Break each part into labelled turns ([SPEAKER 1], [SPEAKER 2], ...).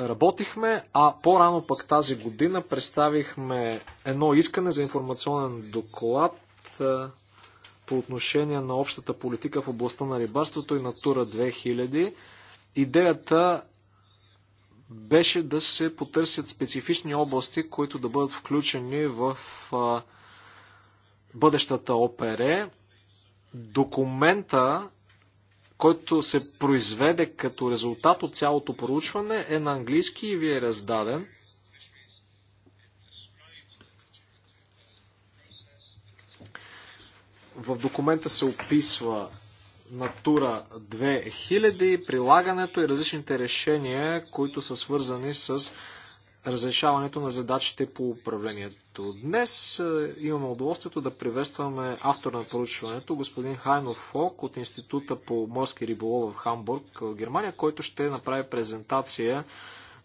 [SPEAKER 1] работихме, а по-рано пък тази година представихме едно искане за информационен доклад по отношение на общата политика в областта на рибарството и Натура 2000. Идеята беше да се потърсят специфични области, които да бъдат включени в бъдещата ОПР. Документа който се произведе като резултат от цялото проучване, е на английски и ви е раздаден. В документа се описва Натура 2000, прилагането и различните решения, които са свързани с разрешаването на задачите по управлението. Днес е, имаме удоволствието да приветстваме автора на проучването, господин Хайнов Фок от Института по морски риболов в Хамбург, е, Германия, който ще направи презентация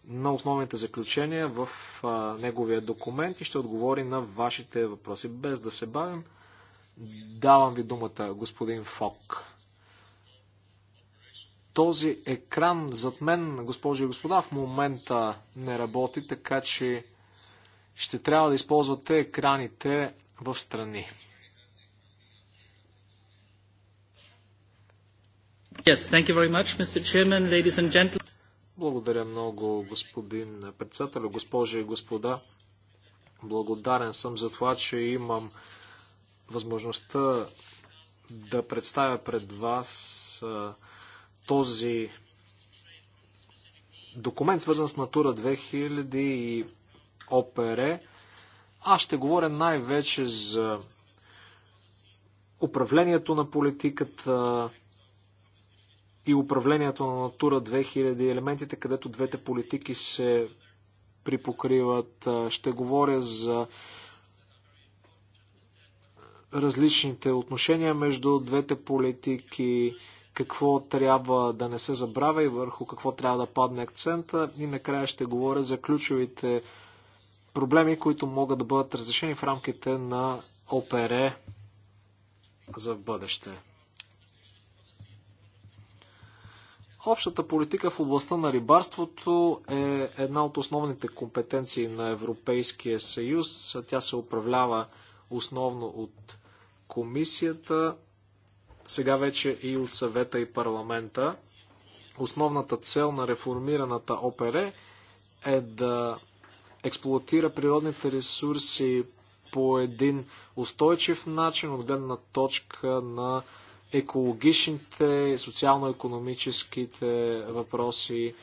[SPEAKER 1] на основните заключения в е, неговия документ и ще отговори на вашите въпроси. Без да се бавим, давам ви думата, господин Фок. Този екран зад мен, госпожи и господа, в момента не работи, така че ще трябва да използвате екраните в страни. Yes, thank you very much, Mr. Chairman, ladies and gentlemen. Благодаря много, господин председател, госпожи и господа. Благодарен съм за това, че имам възможността да представя пред вас този документ, свързан с Натура 2000 и ОПР, аз ще говоря най-вече за управлението на политиката и управлението на Натура 2000, елементите, където двете политики се припокриват. Ще говоря за различните отношения между двете политики, какво трябва да не се забравя и върху какво трябва да падне акцента. И накрая ще говоря за ключовите проблеми, които могат да бъдат разрешени в рамките на ОПР за в бъдеще. Общата политика в областта на рибарството е една от основните компетенции на Европейския съюз. Тя се управлява основно от комисията сега вече и от съвета и парламента. Основната цел на реформираната ОПР е да експлуатира природните ресурси по един устойчив начин от гледна точка на екологичните, социално-економическите въпроси,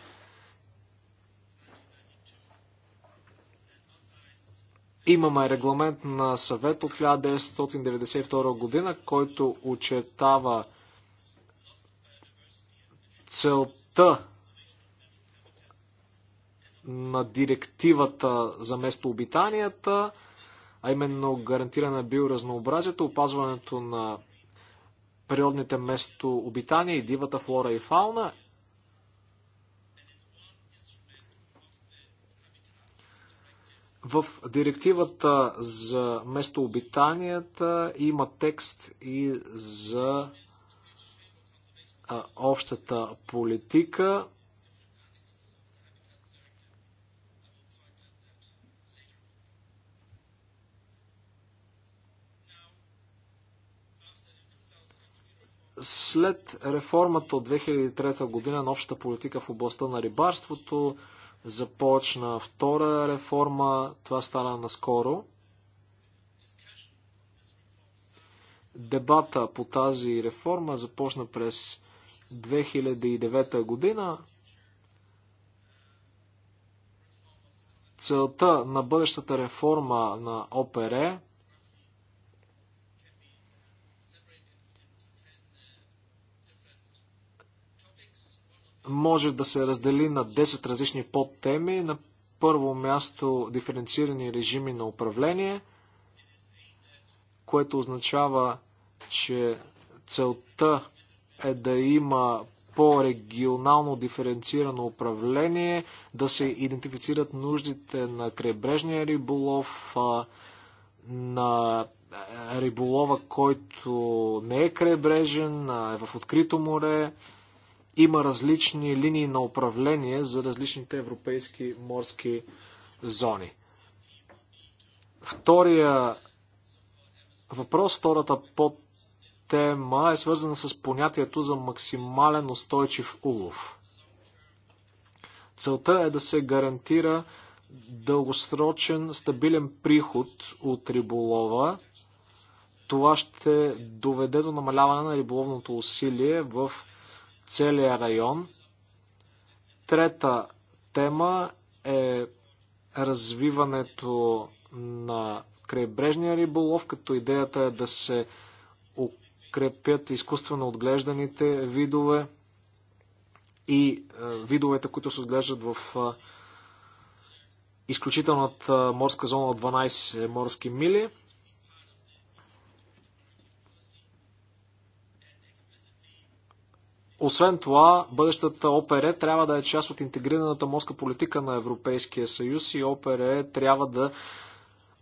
[SPEAKER 1] Имаме регламент на съвет от 1992 година, който очертава целта на директивата за местообитанията, а именно гарантиране на биоразнообразието, опазването на природните местообитания и дивата флора и фауна В директивата за местообитанията има текст и за общата политика. След реформата от 2003 година на общата политика в областта на рибарството, започна втора реформа, това стана наскоро. Дебата по тази реформа започна през 2009 година. Целта на бъдещата реформа на ОПР може да се раздели на 10 различни подтеми. На първо място диференцирани режими на управление, което означава, че целта е да има по-регионално диференцирано управление, да се идентифицират нуждите на крайбрежния риболов, на риболова, който не е крайбрежен, е в открито море, има различни линии на управление за различните европейски морски зони. Втория въпрос, втората тема е свързана с понятието за максимален устойчив улов. Целта е да се гарантира дългосрочен стабилен приход от риболова. Това ще доведе до намаляване на риболовното усилие в целия район. Трета тема е развиването на крайбрежния риболов, като идеята е да се укрепят изкуствено отглежданите видове и е, видовете, които се отглеждат в е, изключителната морска зона от 12 морски мили. Освен това, бъдещата ОПР трябва да е част от интегрираната морска политика на Европейския съюз и ОПР трябва да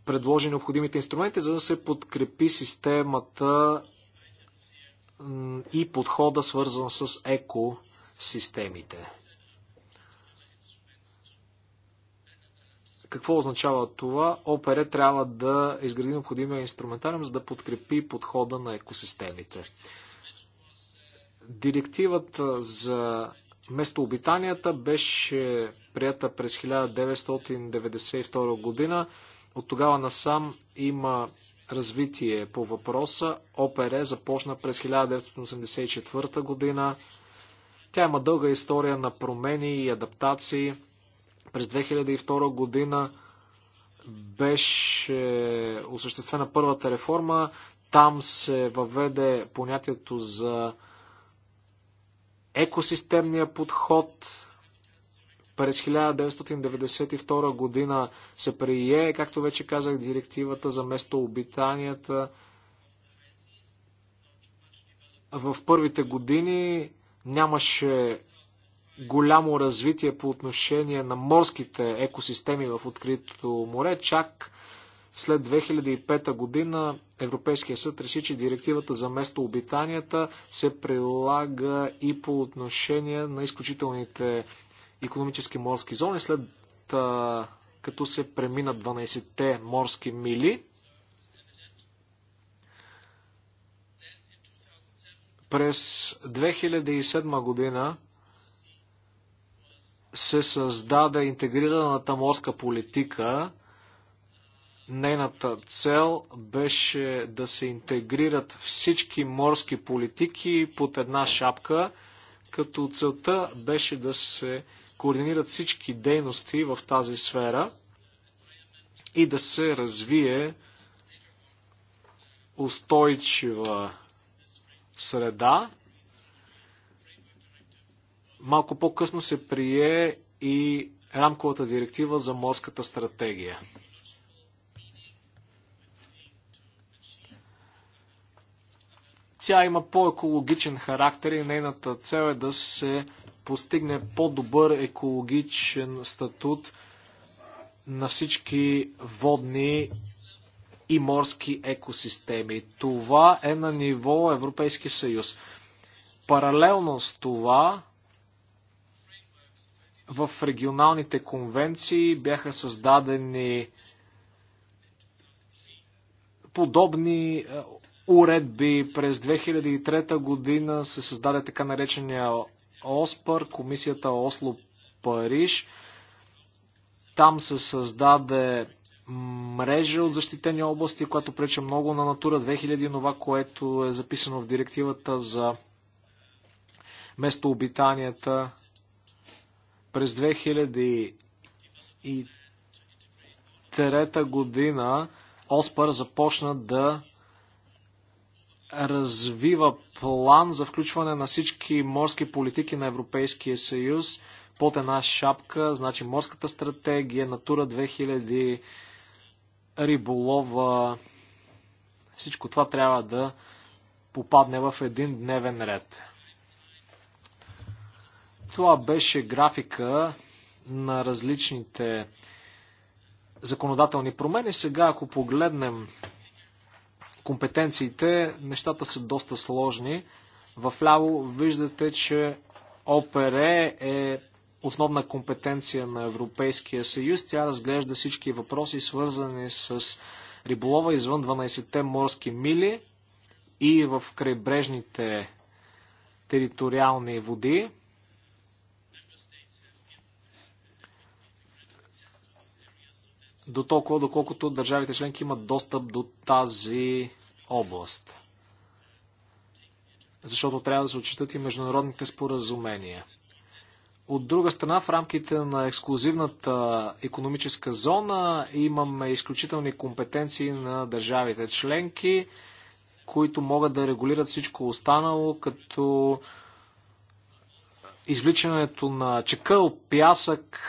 [SPEAKER 1] предложи необходимите инструменти, за да се подкрепи системата и подхода, свързан с екосистемите. Какво означава това? ОПР трябва да изгради необходимия инструментариум, за да подкрепи подхода на екосистемите. Директивата за местообитанията беше прията през 1992 година. От тогава насам има развитие по въпроса. ОПР започна през 1984 година. Тя има дълга история на промени и адаптации. През 2002 година беше осъществена първата реформа. Там се въведе понятието за екосистемния подход. През 1992 година се прие, както вече казах, директивата за местообитанията. В първите години нямаше голямо развитие по отношение на морските екосистеми в откритото море. Чак след 2005 година Европейския съд реши, че директивата за местообитанията се прилага и по отношение на изключителните економически морски зони, след а, като се преминат 12-те морски мили. През 2007 година се създаде интегрираната морска политика – Нейната цел беше да се интегрират всички морски политики под една шапка, като целта беше да се координират всички дейности в тази сфера и да се развие устойчива среда. Малко по-късно се прие и рамковата директива за морската стратегия. Тя има по-екологичен характер и нейната цел е да се постигне по-добър екологичен статут на всички водни и морски екосистеми. Това е на ниво Европейски съюз. Паралелно с това, в регионалните конвенции бяха създадени подобни е, уредби. През 2003 година се създаде така наречения ОСПАР, комисията Осло Париж. Там се създаде мрежа от защитени области, която преча много на Натура 2000, нова, което е записано в директивата за местообитанията. През 2003 година ОСПАР започна да развива план за включване на всички морски политики на Европейския съюз под една шапка, значи морската стратегия, Натура 2000, риболова, всичко това трябва да попадне в един дневен ред. Това беше графика на различните законодателни промени. Сега, ако погледнем компетенциите нещата са доста сложни. В ляво виждате, че ОПР е основна компетенция на Европейския съюз. Тя разглежда всички въпроси, свързани с риболова извън 12-те морски мили и в крайбрежните териториални води. до толкова, доколкото държавите членки имат достъп до тази област. Защото трябва да се отчитат и международните споразумения. От друга страна, в рамките на ексклюзивната економическа зона имаме изключителни компетенции на държавите членки, които могат да регулират всичко останало, като извличането на чекъл, пясък,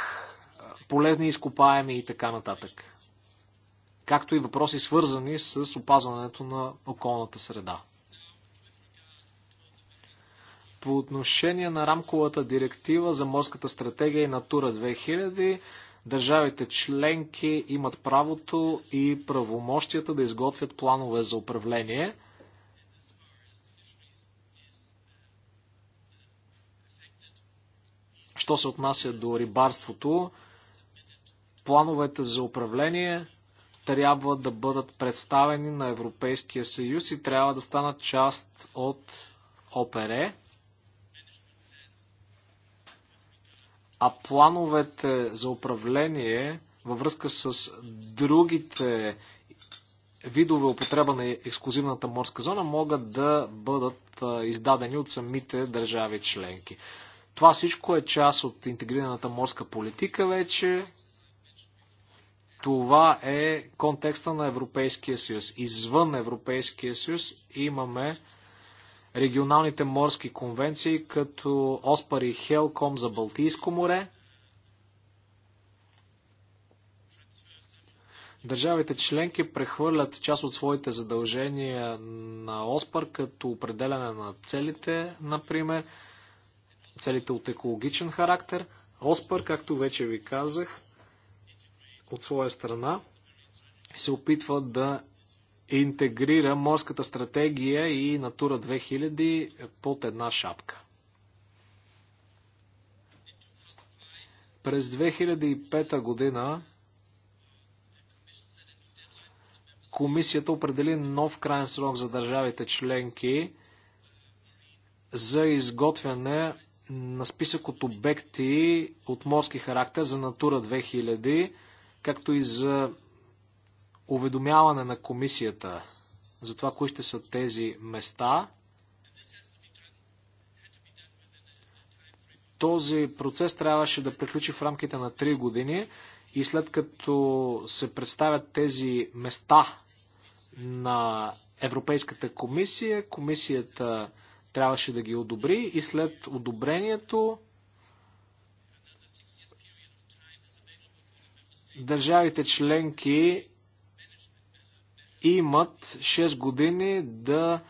[SPEAKER 1] полезни изкопаеми и така нататък. Както и въпроси свързани с опазването на околната среда. По отношение на рамковата директива за морската стратегия и Натура 2000, държавите членки имат правото и правомощията да изготвят планове за управление. Що се отнася до рибарството, плановете за управление трябва да бъдат представени на Европейския съюз и трябва да станат част от ОПРЕ. А плановете за управление във връзка с другите видове употреба на ексклюзивната морска зона могат да бъдат издадени от самите държави членки. Това всичко е част от интегрираната морска политика вече. Това е контекста на Европейския съюз. Извън Европейския съюз имаме регионалните морски конвенции, като Оспар и Хелком за Балтийско море. Държавите членки прехвърлят част от своите задължения на Оспар, като определяне на целите, например, целите от екологичен характер. Оспар, както вече ви казах, от своя страна се опитва да интегрира морската стратегия и Натура 2000 под една шапка. През 2005 година комисията определи нов крайен срок за държавите членки за изготвяне на списък от обекти от морски характер за Натура 2000 както и за уведомяване на комисията за това, кои ще са тези места. Този процес трябваше да приключи в рамките на 3 години и след като се представят тези места на Европейската комисия, комисията трябваше да ги одобри и след одобрението държавите членки имат 6 години да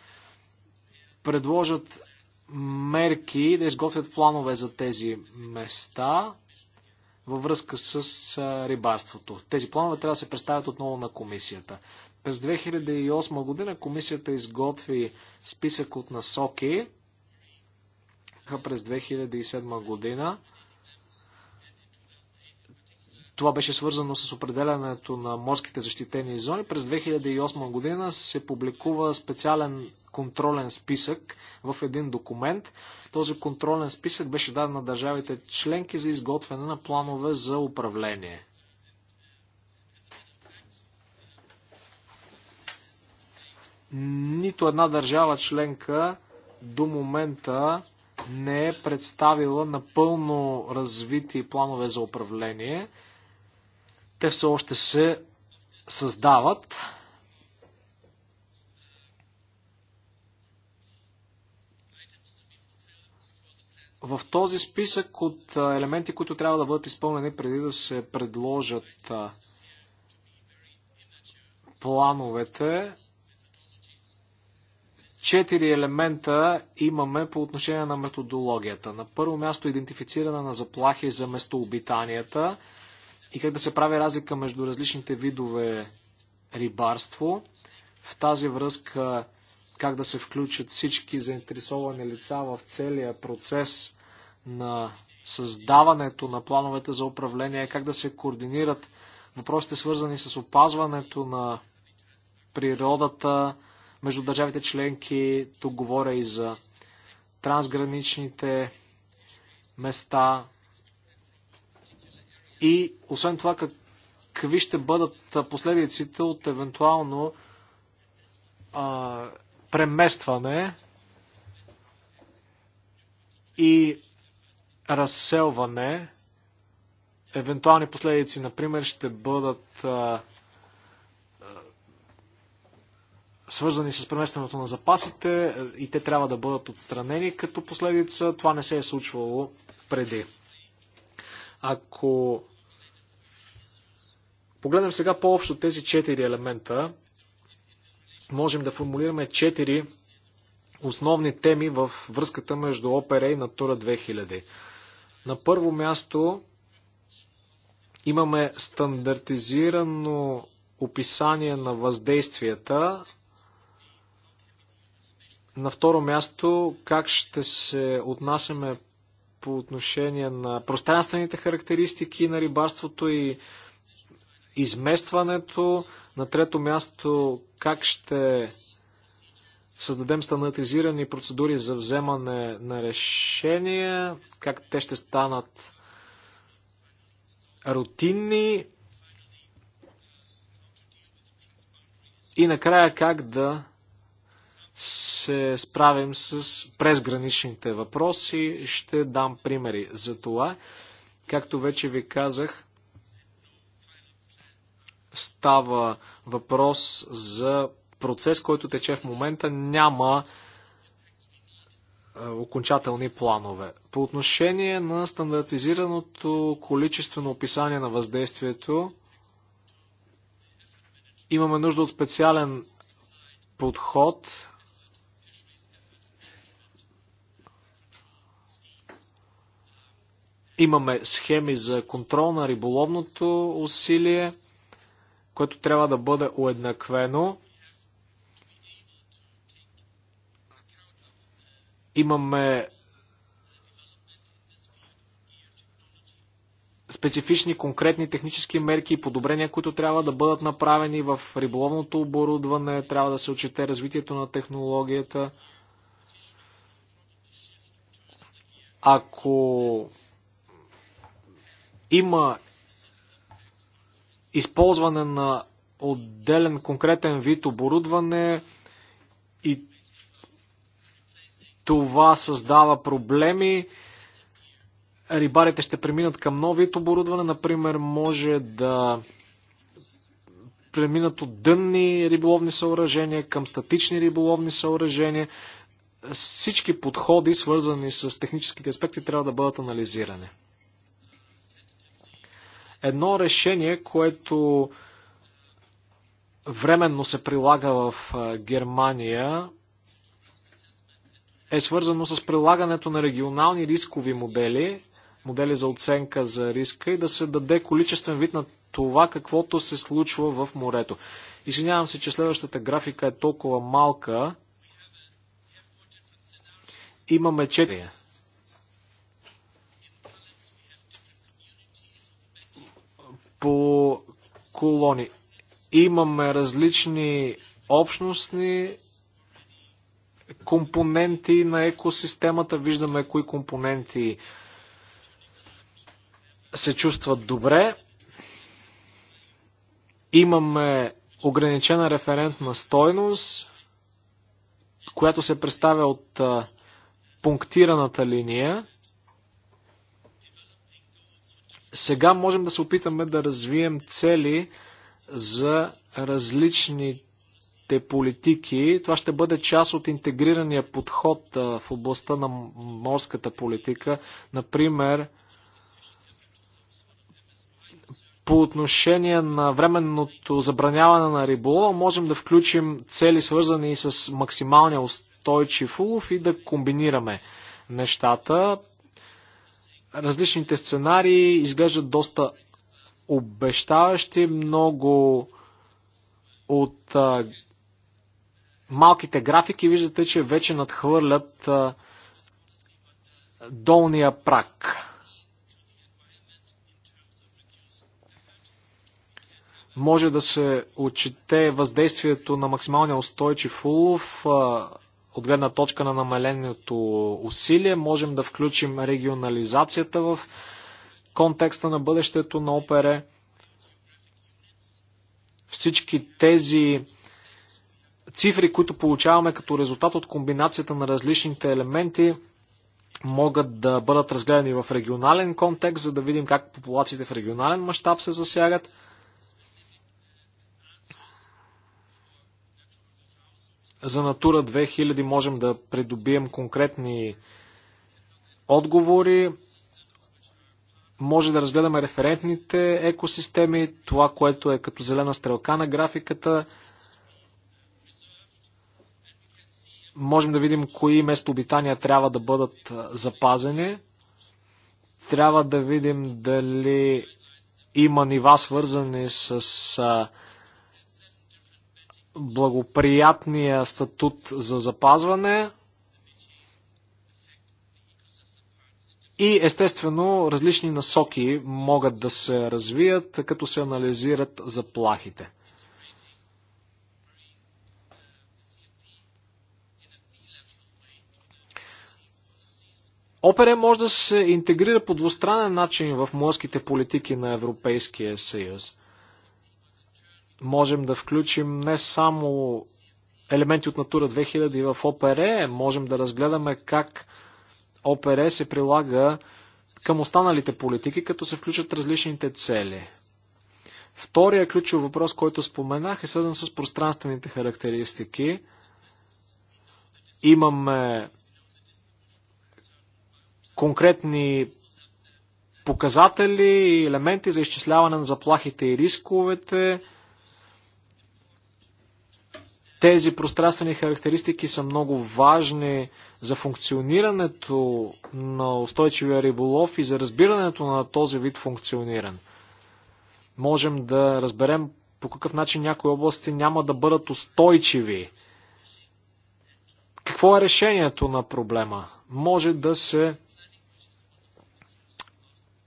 [SPEAKER 1] предложат мерки, да изготвят планове за тези места във връзка с рибарството. Тези планове трябва да се представят отново на комисията. През 2008 година комисията изготви списък от насоки през 2007 година. Това беше свързано с определянето на морските защитени зони. През 2008 година се публикува специален контролен списък в един документ. Този контролен списък беше даден на държавите членки за изготвяне на планове за управление. Нито една държава членка до момента не е представила напълно развити планове за управление. Те все още се създават. В този списък от елементи, които трябва да бъдат изпълнени преди да се предложат плановете, четири елемента имаме по отношение на методологията. На първо място идентифициране на заплахи за местообитанията и как да се прави разлика между различните видове рибарство. В тази връзка как да се включат всички заинтересовани лица в целия процес на създаването на плановете за управление, как да се координират въпросите свързани с опазването на природата между държавите членки. Тук говоря и за трансграничните места. И освен това, какви ще бъдат последиците от евентуално а, преместване и разселване, евентуални последици, например, ще бъдат а, а, свързани с преместването на запасите и те трябва да бъдат отстранени като последица. Това не се е случвало преди. Ако погледнем сега по-общо тези четири елемента, можем да формулираме четири основни теми в връзката между опера и Натура 2000. На първо място имаме стандартизирано описание на въздействията. На второ място, как ще се отнасяме по отношение на пространствените характеристики на рибарството и изместването. На трето място, как ще създадем стандартизирани процедури за вземане на решения, как те ще станат рутинни и накрая как да се справим с презграничните въпроси. Ще дам примери за това. Както вече ви казах, става въпрос за процес, който тече в момента, няма е, окончателни планове. По отношение на стандартизираното количествено описание на въздействието, имаме нужда от специален подход. Имаме схеми за контрол на риболовното усилие което трябва да бъде уеднаквено. Имаме специфични, конкретни технически мерки и подобрения, които трябва да бъдат направени в риболовното оборудване, трябва да се отчете развитието на технологията. Ако има използване на отделен конкретен вид оборудване и това създава проблеми. Рибарите ще преминат към нов вид оборудване, например, може да преминат от дънни риболовни съоръжения към статични риболовни съоръжения. Всички подходи, свързани с техническите аспекти, трябва да бъдат анализирани едно решение, което временно се прилага в Германия, е свързано с прилагането на регионални рискови модели, модели за оценка за риска и да се даде количествен вид на това, каквото се случва в морето. Извинявам се, че следващата графика е толкова малка. Имаме четири по колони. Имаме различни общностни компоненти на екосистемата. Виждаме кои компоненти се чувстват добре. Имаме ограничена референтна стойност, която се представя от пунктираната линия. Сега можем да се опитаме да развием цели за различните политики. Това ще бъде част от интегрирания подход в областта на морската политика. Например, по отношение на временното забраняване на риболова, можем да включим цели свързани с максималния устойчив улов и да комбинираме нещата. Различните сценарии изглеждат доста обещаващи. Много от а, малките графики виждате, че вече надхвърлят а, долния прак. Може да се отчете въздействието на максималния устойчив улов, а, от гледна точка на намаленото усилие. Можем да включим регионализацията в контекста на бъдещето на ОПР. Всички тези цифри, които получаваме като резултат от комбинацията на различните елементи, могат да бъдат разгледани в регионален контекст, за да видим как популациите в регионален мащаб се засягат. за Натура 2000 можем да придобием конкретни отговори. Може да разгледаме референтните екосистеми, това, което е като зелена стрелка на графиката. Можем да видим кои местообитания трябва да бъдат запазени. Трябва да видим дали има нива свързани с благоприятния статут за запазване и естествено различни насоки могат да се развият, като се анализират заплахите. ОПЕР може да се интегрира по двустранен начин в морските политики на Европейския съюз. Можем да включим не само елементи от Натура 2000 в ОПР, можем да разгледаме как ОПР се прилага към останалите политики, като се включат различните цели. Втория ключов въпрос, който споменах, е свързан с пространствените характеристики. Имаме конкретни показатели и елементи за изчисляване на заплахите и рисковете. Тези пространствени характеристики са много важни за функционирането на устойчивия риболов и за разбирането на този вид функциониран. Можем да разберем по какъв начин някои области няма да бъдат устойчиви. Какво е решението на проблема? Може да се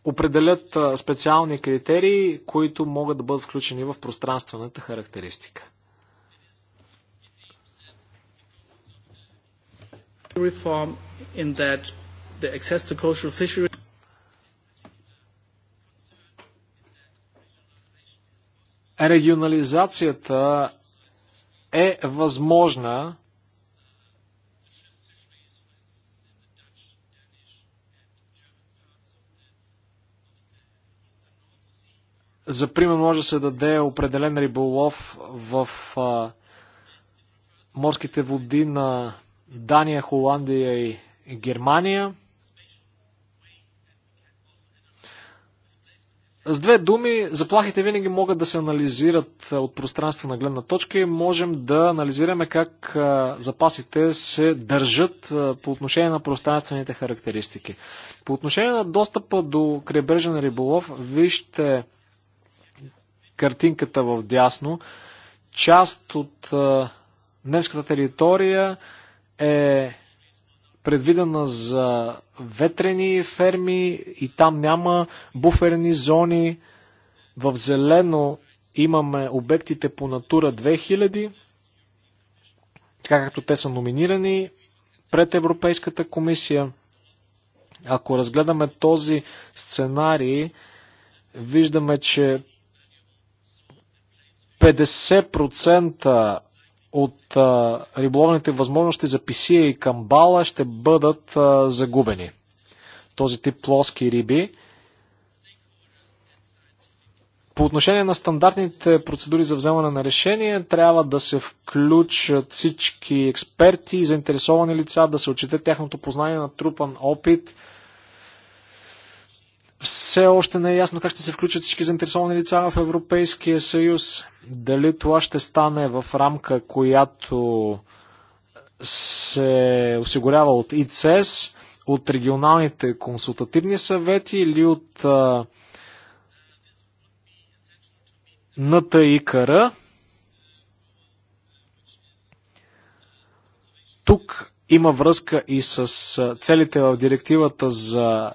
[SPEAKER 1] определят специални критерии, които могат да бъдат включени в пространствената характеристика. reform in that the access to coastal fisheries Регионализацията е възможна За пример може да се даде определен риболов в морските води на Дания, Холандия и Германия. С две думи, заплахите винаги могат да се анализират от на гледна точка и можем да анализираме как запасите се държат по отношение на пространствените характеристики. По отношение на достъпа до крайбрежен риболов, вижте картинката в дясно. Част от днеската територия е предвидена за ветрени ферми и там няма буферни зони. В зелено имаме обектите по Натура 2000, така както те са номинирани пред Европейската комисия. Ако разгледаме този сценарий, виждаме, че 50% от а, риболовните възможности за писия и камбала ще бъдат а, загубени. Този тип плоски риби. По отношение на стандартните процедури за вземане на решение, трябва да се включат всички експерти и заинтересовани лица, да се отчете тяхното познание на трупан опит, все още не е ясно как ще се включат всички заинтересовани лица в Европейския съюз. Дали това ще стане в рамка, която се осигурява от ИЦЕС, от регионалните консултативни съвети или от НТ и КР. Тук има връзка и с целите в директивата за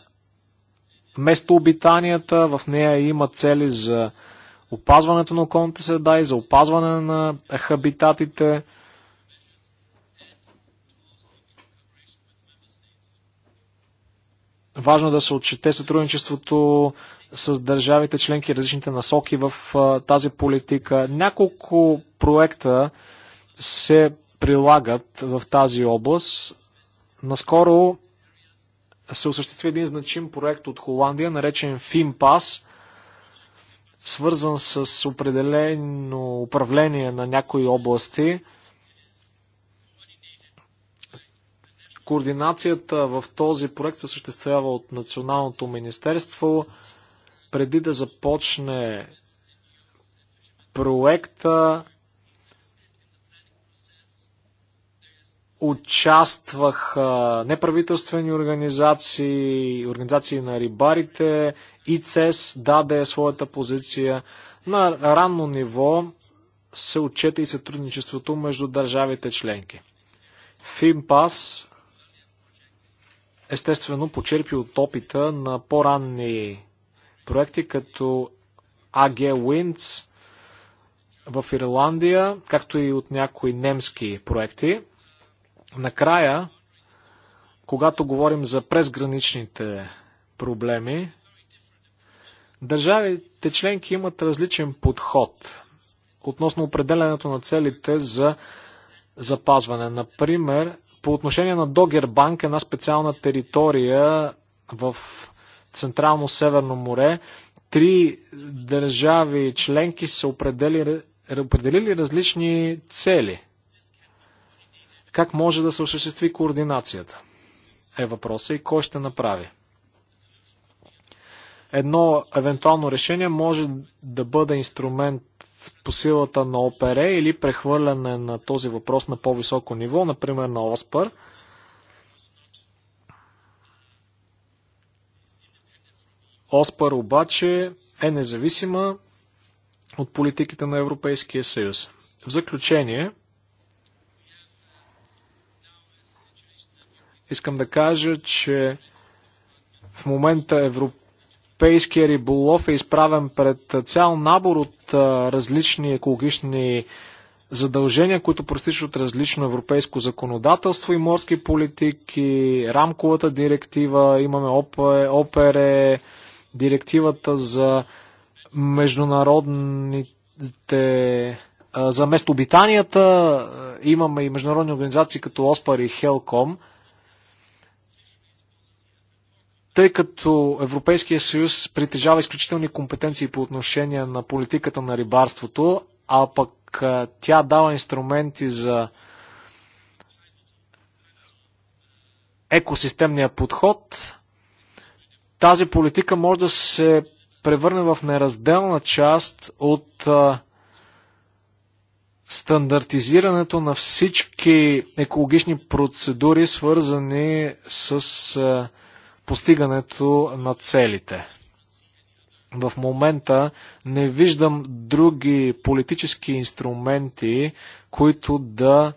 [SPEAKER 1] местообитанията. В нея има цели за опазването на околната среда и за опазване на хабитатите. Важно е да се отчете сътрудничеството с държавите членки, и различните насоки в тази политика. Няколко проекта се прилагат в тази област. Наскоро се осъществи един значим проект от Холандия, наречен FinPass, свързан с определено управление на някои области. Координацията в този проект се осъществява от Националното министерство. Преди да започне проекта, участваха неправителствени организации, организации на рибарите, ИЦЕС даде своята позиция. На ранно ниво се отчете и сътрудничеството между държавите членки. ФИМПАС естествено почерпи от опита на по-ранни проекти, като AG Winds в Ирландия, както и от някои немски проекти – Накрая, когато говорим за презграничните проблеми, държавите членки имат различен подход относно определенето на целите за запазване. Например, по отношение на Догербанк, една специална територия в Централно-Северно море, три държави членки са определили, определили различни цели – как може да се осъществи координацията? Е въпроса е и кой ще направи? Едно евентуално решение може да бъде инструмент по силата на ОПР или прехвърляне на този въпрос на по-високо ниво, например на ОСПър. ОСПР обаче е независима от политиките на Европейския съюз. В заключение, Искам да кажа, че в момента европейския риболов е изправен пред цял набор от различни екологични задължения, които проистичат от различно европейско законодателство и морски политики, рамковата директива, имаме ОПЕРЕ, директивата за международните за местообитанията, имаме и международни организации като ОСПАР и ХЕЛКОМ – тъй като Европейския съюз притежава изключителни компетенции по отношение на политиката на рибарството, а пък тя дава инструменти за екосистемния подход, тази политика може да се превърне в неразделна част от стандартизирането на всички екологични процедури, свързани с а, постигането на целите. В момента не виждам други политически инструменти, които да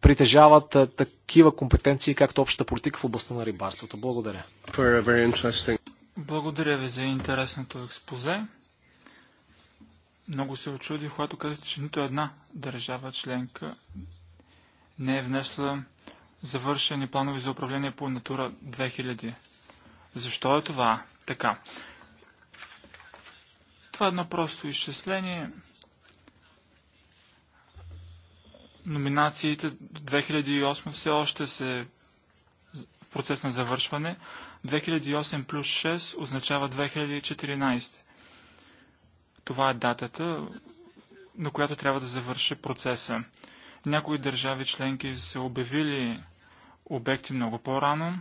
[SPEAKER 1] притежават такива компетенции, както общата политика в областта на рибарството. Благодаря.
[SPEAKER 2] Благодаря ви за интересното експозе. Много се очудих, когато казахте, че нито една държава членка не е внесла завършени планове за управление по Натура 2000. Защо е това така? Това е едно просто изчисление. Номинациите 2008 все още се в процес на завършване. 2008 плюс 6 означава 2014. Това е датата, на която трябва да завърши процеса. Някои държави членки са обявили обекти много по-рано.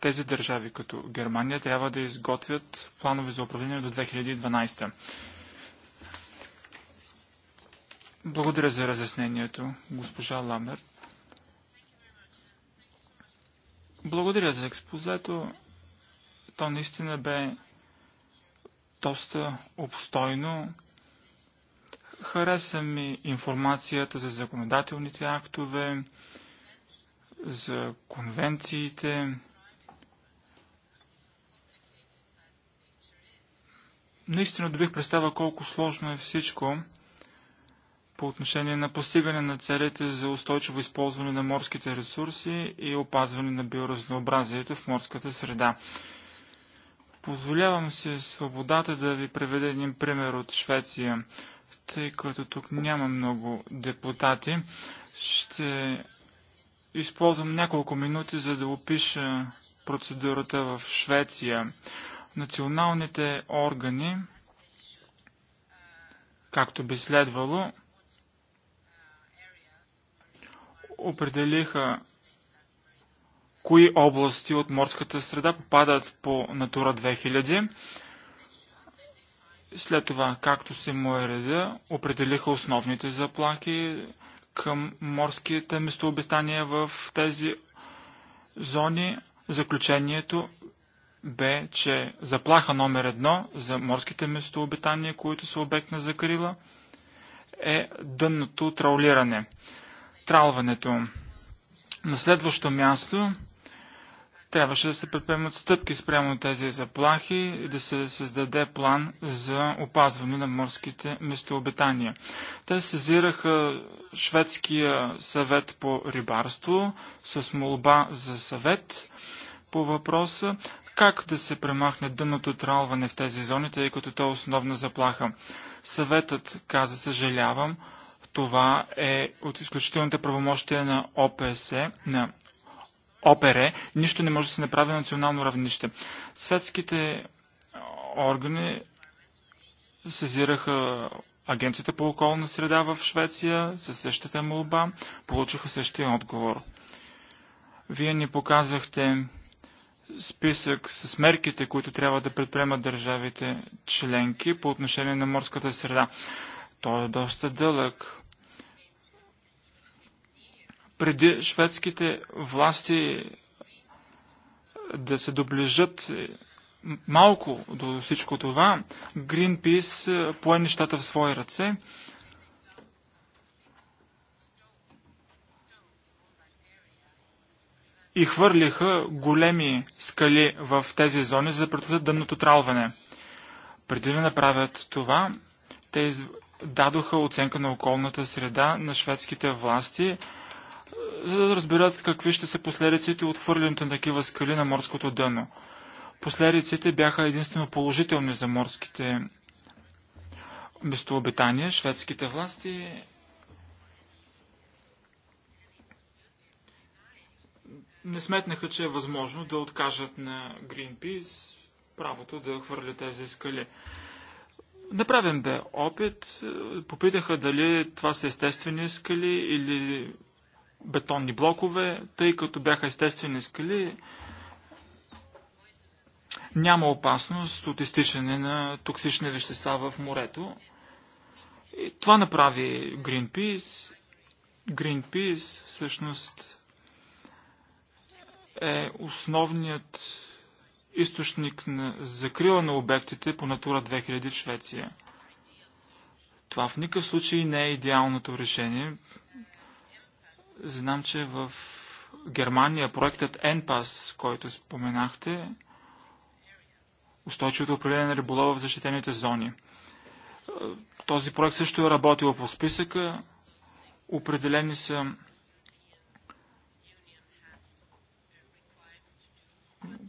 [SPEAKER 2] Тези държави, като Германия, трябва да изготвят планове за управление до 2012. Благодаря за разяснението, госпожа Ламер. Благодаря за експозето. То наистина бе доста обстойно. Хареса ми информацията за законодателните актове, за конвенциите. Наистина добих представа колко сложно е всичко по отношение на постигане на целите за устойчиво използване на морските ресурси и опазване на биоразнообразието в морската среда. Позволявам си свободата да ви преведа един пример от Швеция. Тъй като тук няма много депутати, ще използвам няколко минути, за да опиша процедурата в Швеция. Националните органи, както би следвало, определиха кои области от морската среда попадат по Натура 2000 след това, както се му е реда, определиха основните заплаки към морските местообитания в тези зони. Заключението бе, че заплаха номер едно за морските местообитания, които са обект на закрила, е дънното траулиране, тралването. На следващо място Трябваше да се предприемат стъпки спрямо тези заплахи и да се създаде план за опазване на морските местообитания. Те сезираха Шведския съвет по рибарство с молба за съвет по въпроса как да се премахне дъното тралване в тези зони, тъй като то е основна заплаха. Съветът каза, съжалявам, това е от изключителните правомощия на ОПС, на опере, нищо не може да се направи на национално равнище. Светските органи сезираха Агенцията по околна среда в Швеция със същата молба, получиха същия отговор. Вие ни показахте списък с мерките, които трябва да предприемат държавите членки по отношение на морската среда. Той е доста дълъг преди шведските власти да се доближат е, малко до всичко това, Greenpeace е, пое нещата в свои ръце. и хвърлиха големи скали в тези зони, за да предотвратят дъното тралване. Преди да направят това, те дадоха оценка на околната среда на шведските власти, за да разберат какви ще са последиците от хвърлянето на такива скали на морското дъно. Последиците бяха единствено положителни за морските местообитания. Шведските власти не сметнаха, че е възможно да откажат на Greenpeace правото да хвърля тези скали. Направен бе опит. Попитаха дали това са естествени скали или бетонни блокове, тъй като бяха естествени скали, няма опасност от изтичане на токсични вещества в морето. И това направи Greenpeace. Greenpeace всъщност е основният източник на закрила на обектите по Натура 2000 в Швеция. Това в никакъв случай не е идеалното решение. Знам, че в Германия проектът ENPAS, който споменахте, устойчивото определение на риболова в защитените зони. Е, този проект също е работил по списъка. Определени са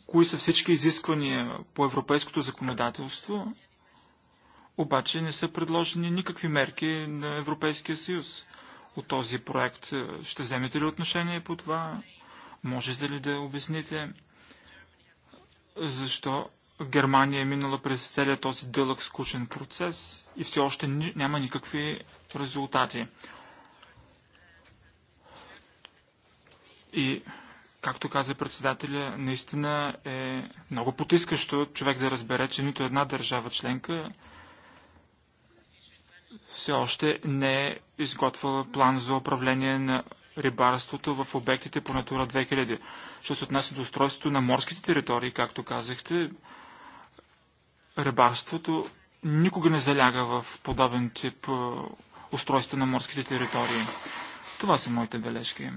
[SPEAKER 2] кои са всички изисквания по европейското законодателство, обаче не са предложени никакви мерки на Европейския съюз от този проект. Е, ще вземете ли отношение по това? Можете ли да обясните защо Германия е минала през целият този дълъг скучен процес и все още няма никакви резултати? И, както каза председателя, наистина е много потискащо човек да разбере, че нито една държава членка все още не е изготвила план за управление на рибарството в обектите по Натура 2000. Що се отнася до устройството на морските територии, както казахте, рибарството никога не заляга в подобен тип е, устройство на морските територии. Това са моите бележки.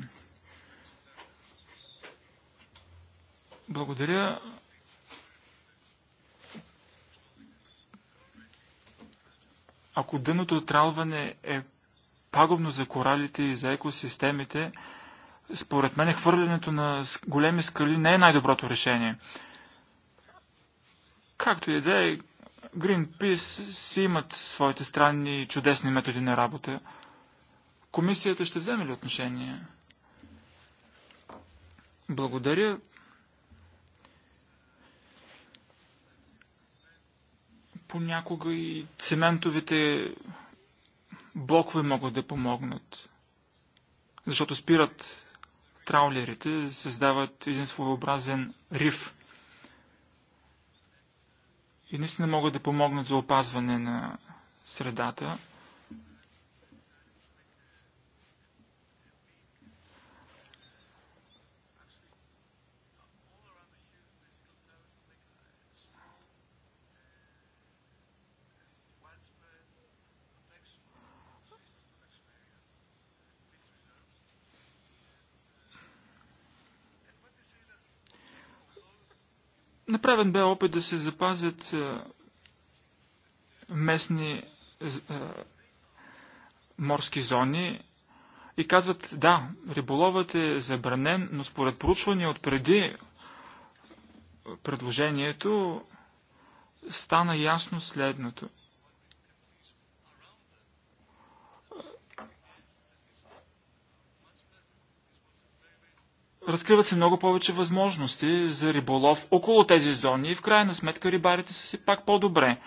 [SPEAKER 2] Благодаря. Ако дъното отралване е пагубно за коралите и за екосистемите, според мен хвърлянето на големи скали не е най-доброто решение. Както и да е, Greenpeace си имат своите странни и чудесни методи на работа. Комисията ще вземе ли отношение? Благодаря. Понякога и цементовите блокове могат да помогнат, защото спират траулерите, създават един своеобразен риф и наистина могат да помогнат за опазване на средата. Направен бе опит да се запазят е, местни е, морски зони и казват, да, риболовът е забранен, но според проучване от преди предложението стана ясно следното – Разкриват се много повече възможности за риболов около тези зони и в крайна сметка рибарите са си пак по-добре.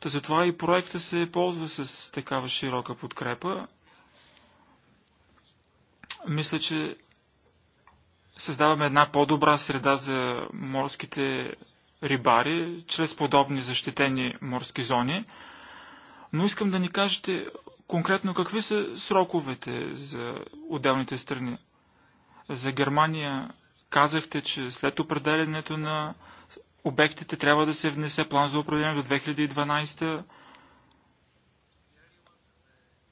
[SPEAKER 2] Та затова и проекта се ползва с такава широка подкрепа. Мисля, че създаваме една по-добра среда за морските рибари, чрез подобни защитени морски зони. Но искам да ни кажете конкретно какви са сроковете за отделните страни. За Германия казахте, че след определенето на обектите трябва да се внесе план за управление до 2012.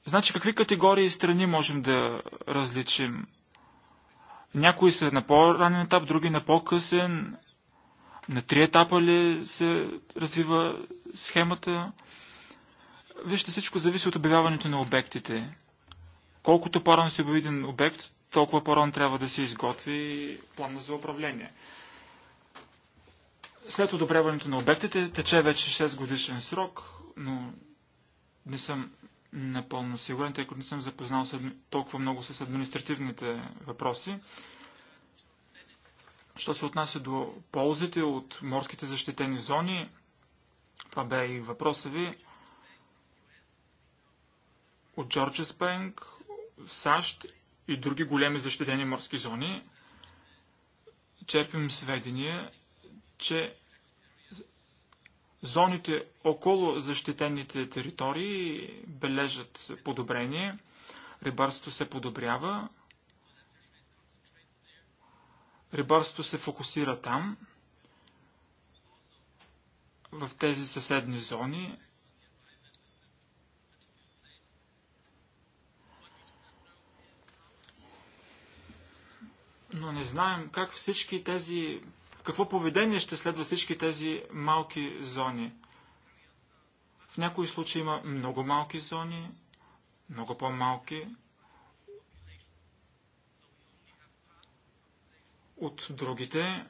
[SPEAKER 2] Значи какви категории страни можем да различим? Някои са на по-ранен етап, други на по-късен. На три етапа ли се развива схемата? Вижте, всичко зависи от обявяването на обектите. Колкото по-рано се обяви един обект, толкова по-рано трябва да се изготви план за управление. След одобряването на обектите тече вече 6 годишен срок, но не съм напълно сигурен, тъй като не съм запознал толкова много с административните въпроси. Що се отнася до ползите от морските защитени зони, това бе и въпроса ви, от Джорджес Бенк, САЩ и други големи защитени морски зони, черпим сведения, че зоните около защитените територии бележат подобрение, рибарството се подобрява, рибарството се фокусира там, в тези съседни зони, но не знаем как всички тези, какво поведение ще следва всички тези малки зони. В някои случаи има много малки зони, много по-малки от другите.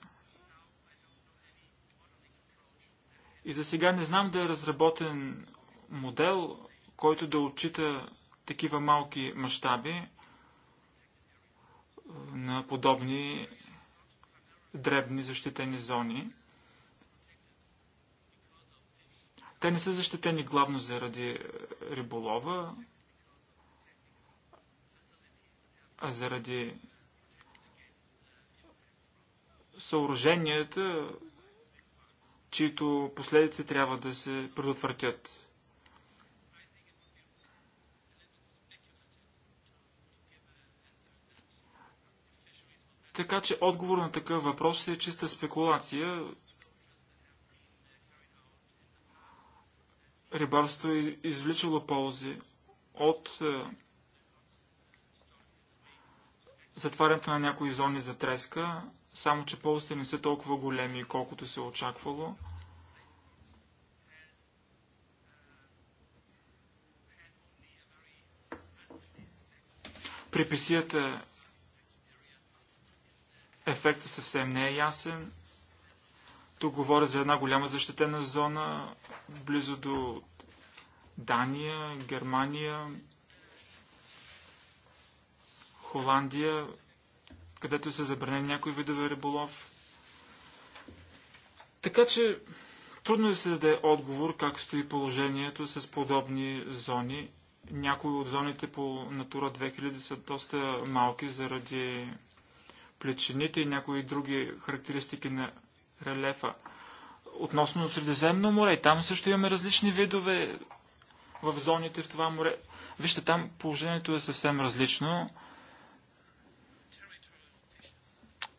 [SPEAKER 2] И за сега не знам да е разработен модел, който да отчита такива малки мащаби на подобни дребни защитени зони. Те не са защитени главно заради риболова, а заради съоръженията, чието последици трябва да се предотвратят. Така че отговор на такъв въпрос е чиста спекулация. Рибарството е извличало ползи от е, затварянето на някои зони за треска, само че ползите не са толкова големи, колкото се е очаквало. Приписията. Ефектът съвсем не е ясен. Тук говоря за една голяма защитена зона, близо до Дания, Германия, Холандия, където са забранени някои видове риболов. Така че трудно е да се даде отговор как стои положението с подобни зони. Някои от зоните по Натура 2000 са доста малки заради плечените и някои други характеристики на релефа. Относно Средиземно море, там също имаме различни видове в зоните в това море. Вижте, там положението е съвсем различно.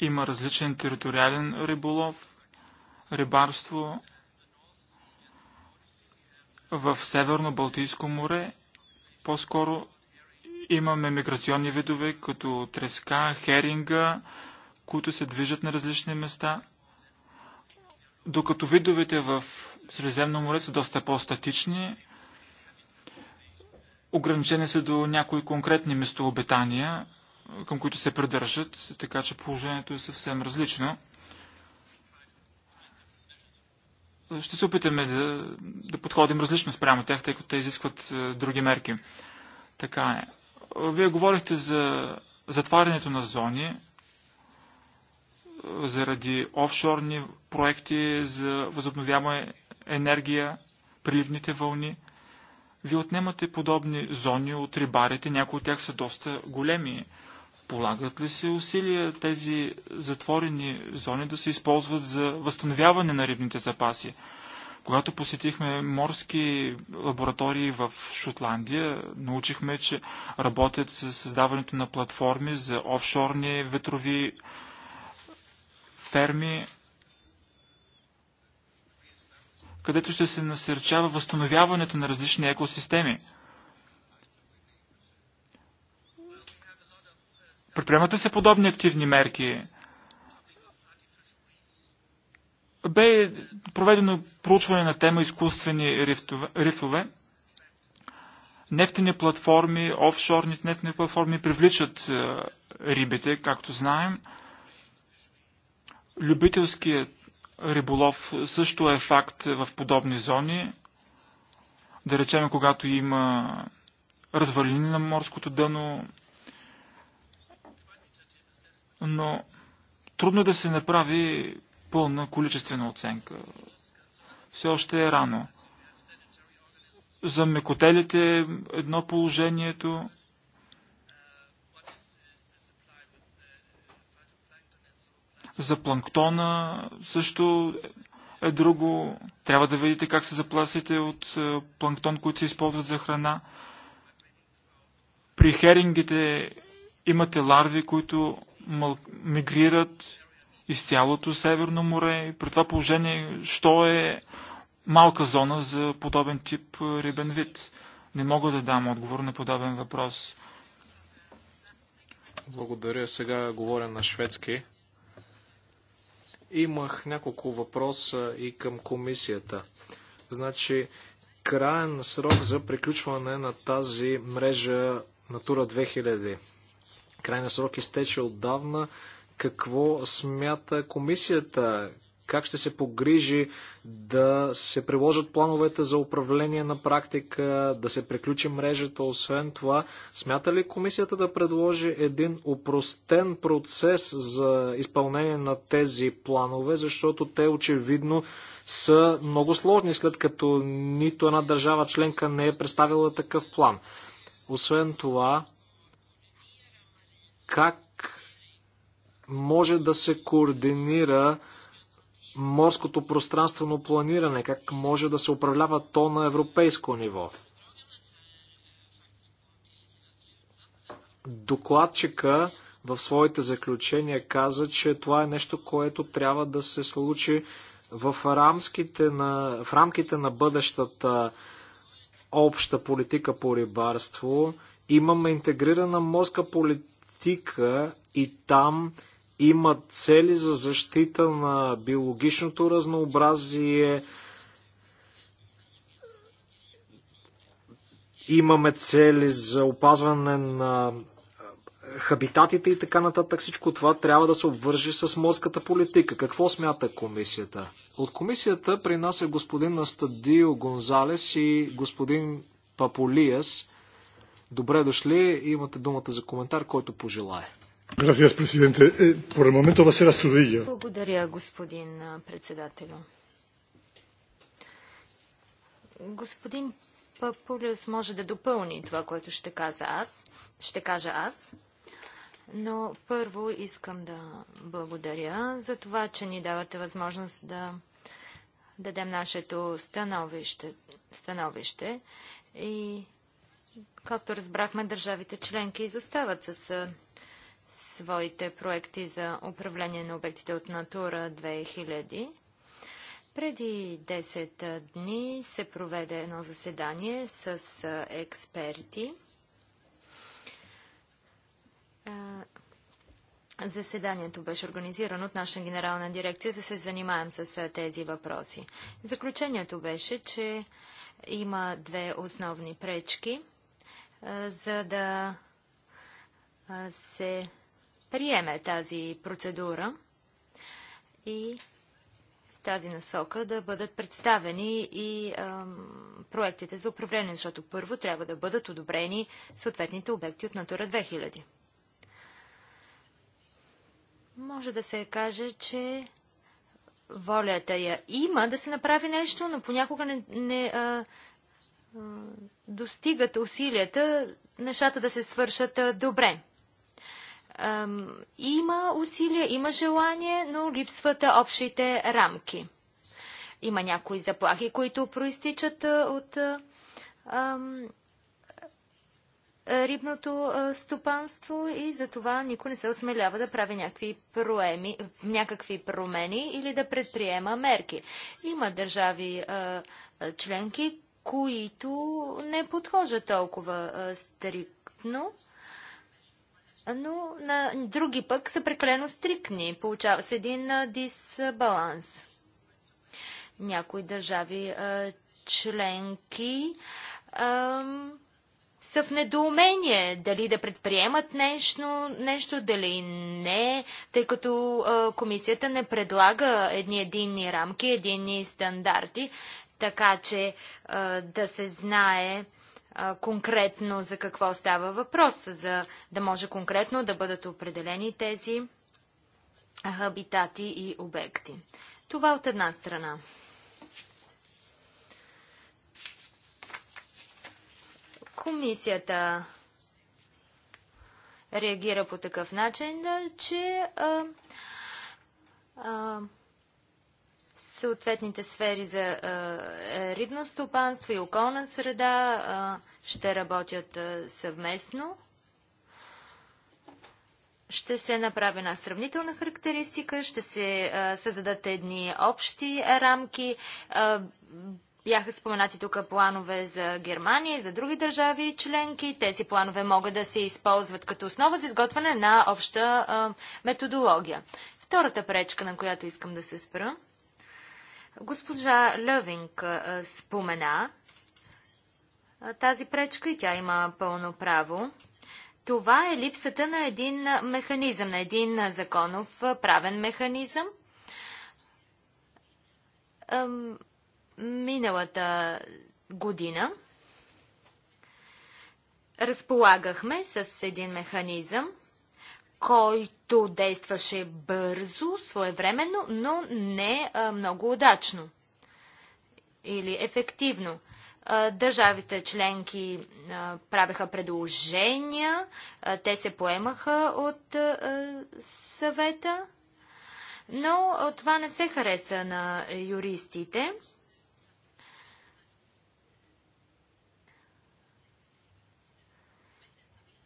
[SPEAKER 2] Има различен териториален риболов, рибарство. В Северно-Балтийско море по-скоро Имаме миграционни видове, като треска, херинга, които се движат на различни места, докато видовете в Средиземно море са доста по-статични, ограничени са до някои конкретни местообитания, към които се придържат, така че положението е съвсем различно. Ще се опитаме да, да подходим различно спрямо тях, тъй като те изискват е, други мерки. Така е. Вие говорихте за затварянето на зони, заради офшорни проекти за възобновяема енергия, приливните вълни. Вие отнемате подобни зони от рибарите, някои от тях са доста големи. Полагат ли се усилия тези затворени зони да се използват за възстановяване на рибните запаси? Когато посетихме морски лаборатории в Шотландия, научихме, че работят с създаването на платформи за офшорни ветрови ферми, където ще се насърчава възстановяването на различни екосистеми. Предприемате се подобни активни мерки? бе проведено проучване на тема изкуствени рифтове, рифове. Нефтени платформи, офшорни нефтени платформи привличат е, рибите, както знаем. Любителският риболов също е факт в подобни зони. Да речем, когато има развалини на морското дъно, но трудно е да се направи пълна количествена оценка. Все още е рано. За мекотелите едно положението. За планктона също е друго. Трябва да видите как се запласите от е, планктон, които се използват за храна. При херингите имате ларви, които мигрират из цялото Северно море. При това положение, що е малка зона за подобен тип е, рибен вид? Не мога да дам отговор на подобен
[SPEAKER 1] въпрос. Благодаря. Сега говоря на шведски. Имах няколко въпроса и към комисията. Значи, краен срок за приключване на тази мрежа Натура 2000. Крайна срок изтече отдавна какво смята комисията, как ще се погрижи да се приложат плановете за управление на практика, да се приключи мрежата. Освен това, смята ли комисията да предложи един упростен процес за изпълнение на тези планове, защото те очевидно са много сложни, след като нито една държава членка не е представила такъв план. Освен това, как може да се координира морското пространствено планиране, как може да се управлява то на европейско ниво. Докладчика в своите заключения каза, че това е нещо, което трябва да се случи в на, в рамките на бъдещата обща политика по рибарство. Имаме интегрирана морска политика и там има цели за защита на биологичното разнообразие. Имаме цели за опазване на хабитатите и така нататък. Всичко това трябва да се обвържи с морската политика. Какво смята комисията? От комисията при нас е господин Настадио Гонзалес и господин Паполиас. Добре дошли, имате думата за коментар, който пожелая.
[SPEAKER 3] Gracias, presidente. Eh, por el momento va a ser Astudillo. Благодаря, господин председател. Господин Папулюс може да допълни това, което ще, каза аз, ще кажа аз. Но първо искам да благодаря за това, че ни давате възможност да дадем нашето становище. становище. И както разбрахме, държавите членки изостават с своите проекти за управление на обектите от Натура 2000. Преди 10 дни се проведе едно заседание с експерти. Заседанието беше организирано от наша генерална дирекция, за да се занимаем с тези въпроси. Заключението беше, че има две основни пречки, за да се приеме тази процедура и в тази насока да бъдат представени и проектите за управление, защото първо трябва да бъдат одобрени съответните обекти от Натура 2000. Може да се каже, че волята я има да се направи нещо, но понякога не, не а, достигат усилията нещата да се свършат добре. Има усилия, има желание, но липсват общите рамки. Има някои заплахи, които проистичат от ам, рибното стопанство и затова никой не се осмелява да прави някакви, проеми, някакви промени или да предприема мерки. Има държави а, членки, които не подхожат толкова а, стриктно но на други пък са прекалено стрикни. Получава се един дисбаланс. Някои държави членки са в недоумение дали да предприемат нещо, нещо дали не, тъй като а, комисията не предлага едни единни рамки, единни стандарти, така че да се знае конкретно за какво става въпрос, за да може конкретно да бъдат определени тези хабитати и обекти. Това от една страна. Комисията реагира по такъв начин, че а, а, съответните сфери за а, рибно стопанство и околна среда а, ще работят а, съвместно. Ще се направи една сравнителна характеристика, ще се създадат едни общи рамки. Бяха споменати тук планове за Германия и за други държави и членки. Тези планове могат да се използват като основа за изготвяне на обща методология. Втората пречка, на която искам да се спра – Госпожа Лъвинг спомена тази пречка и тя има пълно право. Това е липсата на един механизъм, на един законов правен механизъм. Миналата година разполагахме с един механизъм, който действаше бързо, своевременно, но не а, много удачно или ефективно. А, държавите членки а, правеха предложения, а, те се поемаха от съвета, но това не се хареса на юристите.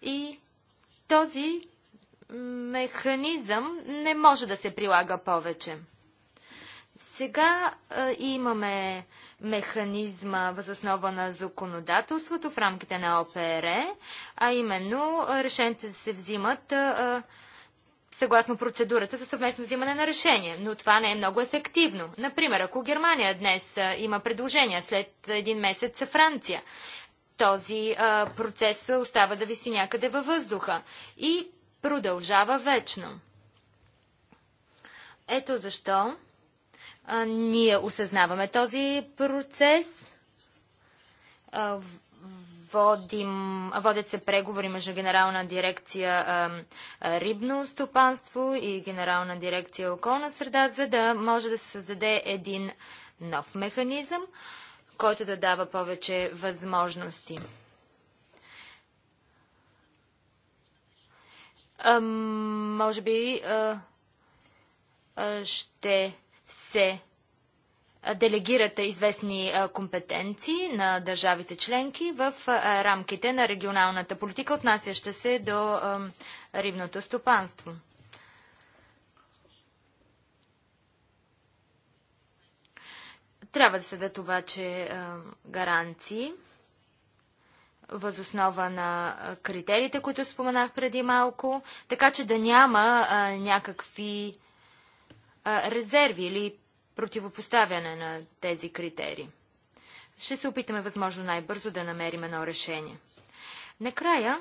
[SPEAKER 3] И този механизъм не може да се прилага повече. Сега имаме механизма възоснова на законодателството в рамките на ОПР, а именно решенията се взимат съгласно процедурата за съвместно взимане на решение, но това не е много ефективно. Например, ако Германия днес има предложение, след един месец Франция, този а, процес остава да виси някъде във въздуха. И продължава вечно. Ето защо а, ние осъзнаваме този процес. А, водим, водят се преговори между Генерална дирекция а, Рибно стопанство и Генерална дирекция Околна среда, за да може да се създаде един нов механизъм, който да дава повече възможности. може би ще се делегират известни компетенции на държавите членки в рамките на регионалната политика, отнасяща се до рибното стопанство. Трябва да се дадат обаче гаранции възоснова на критериите, които споменах преди малко, така че да няма а, някакви а, резерви или противопоставяне на тези критерии. Ще се опитаме възможно най-бързо да намерим едно решение. Накрая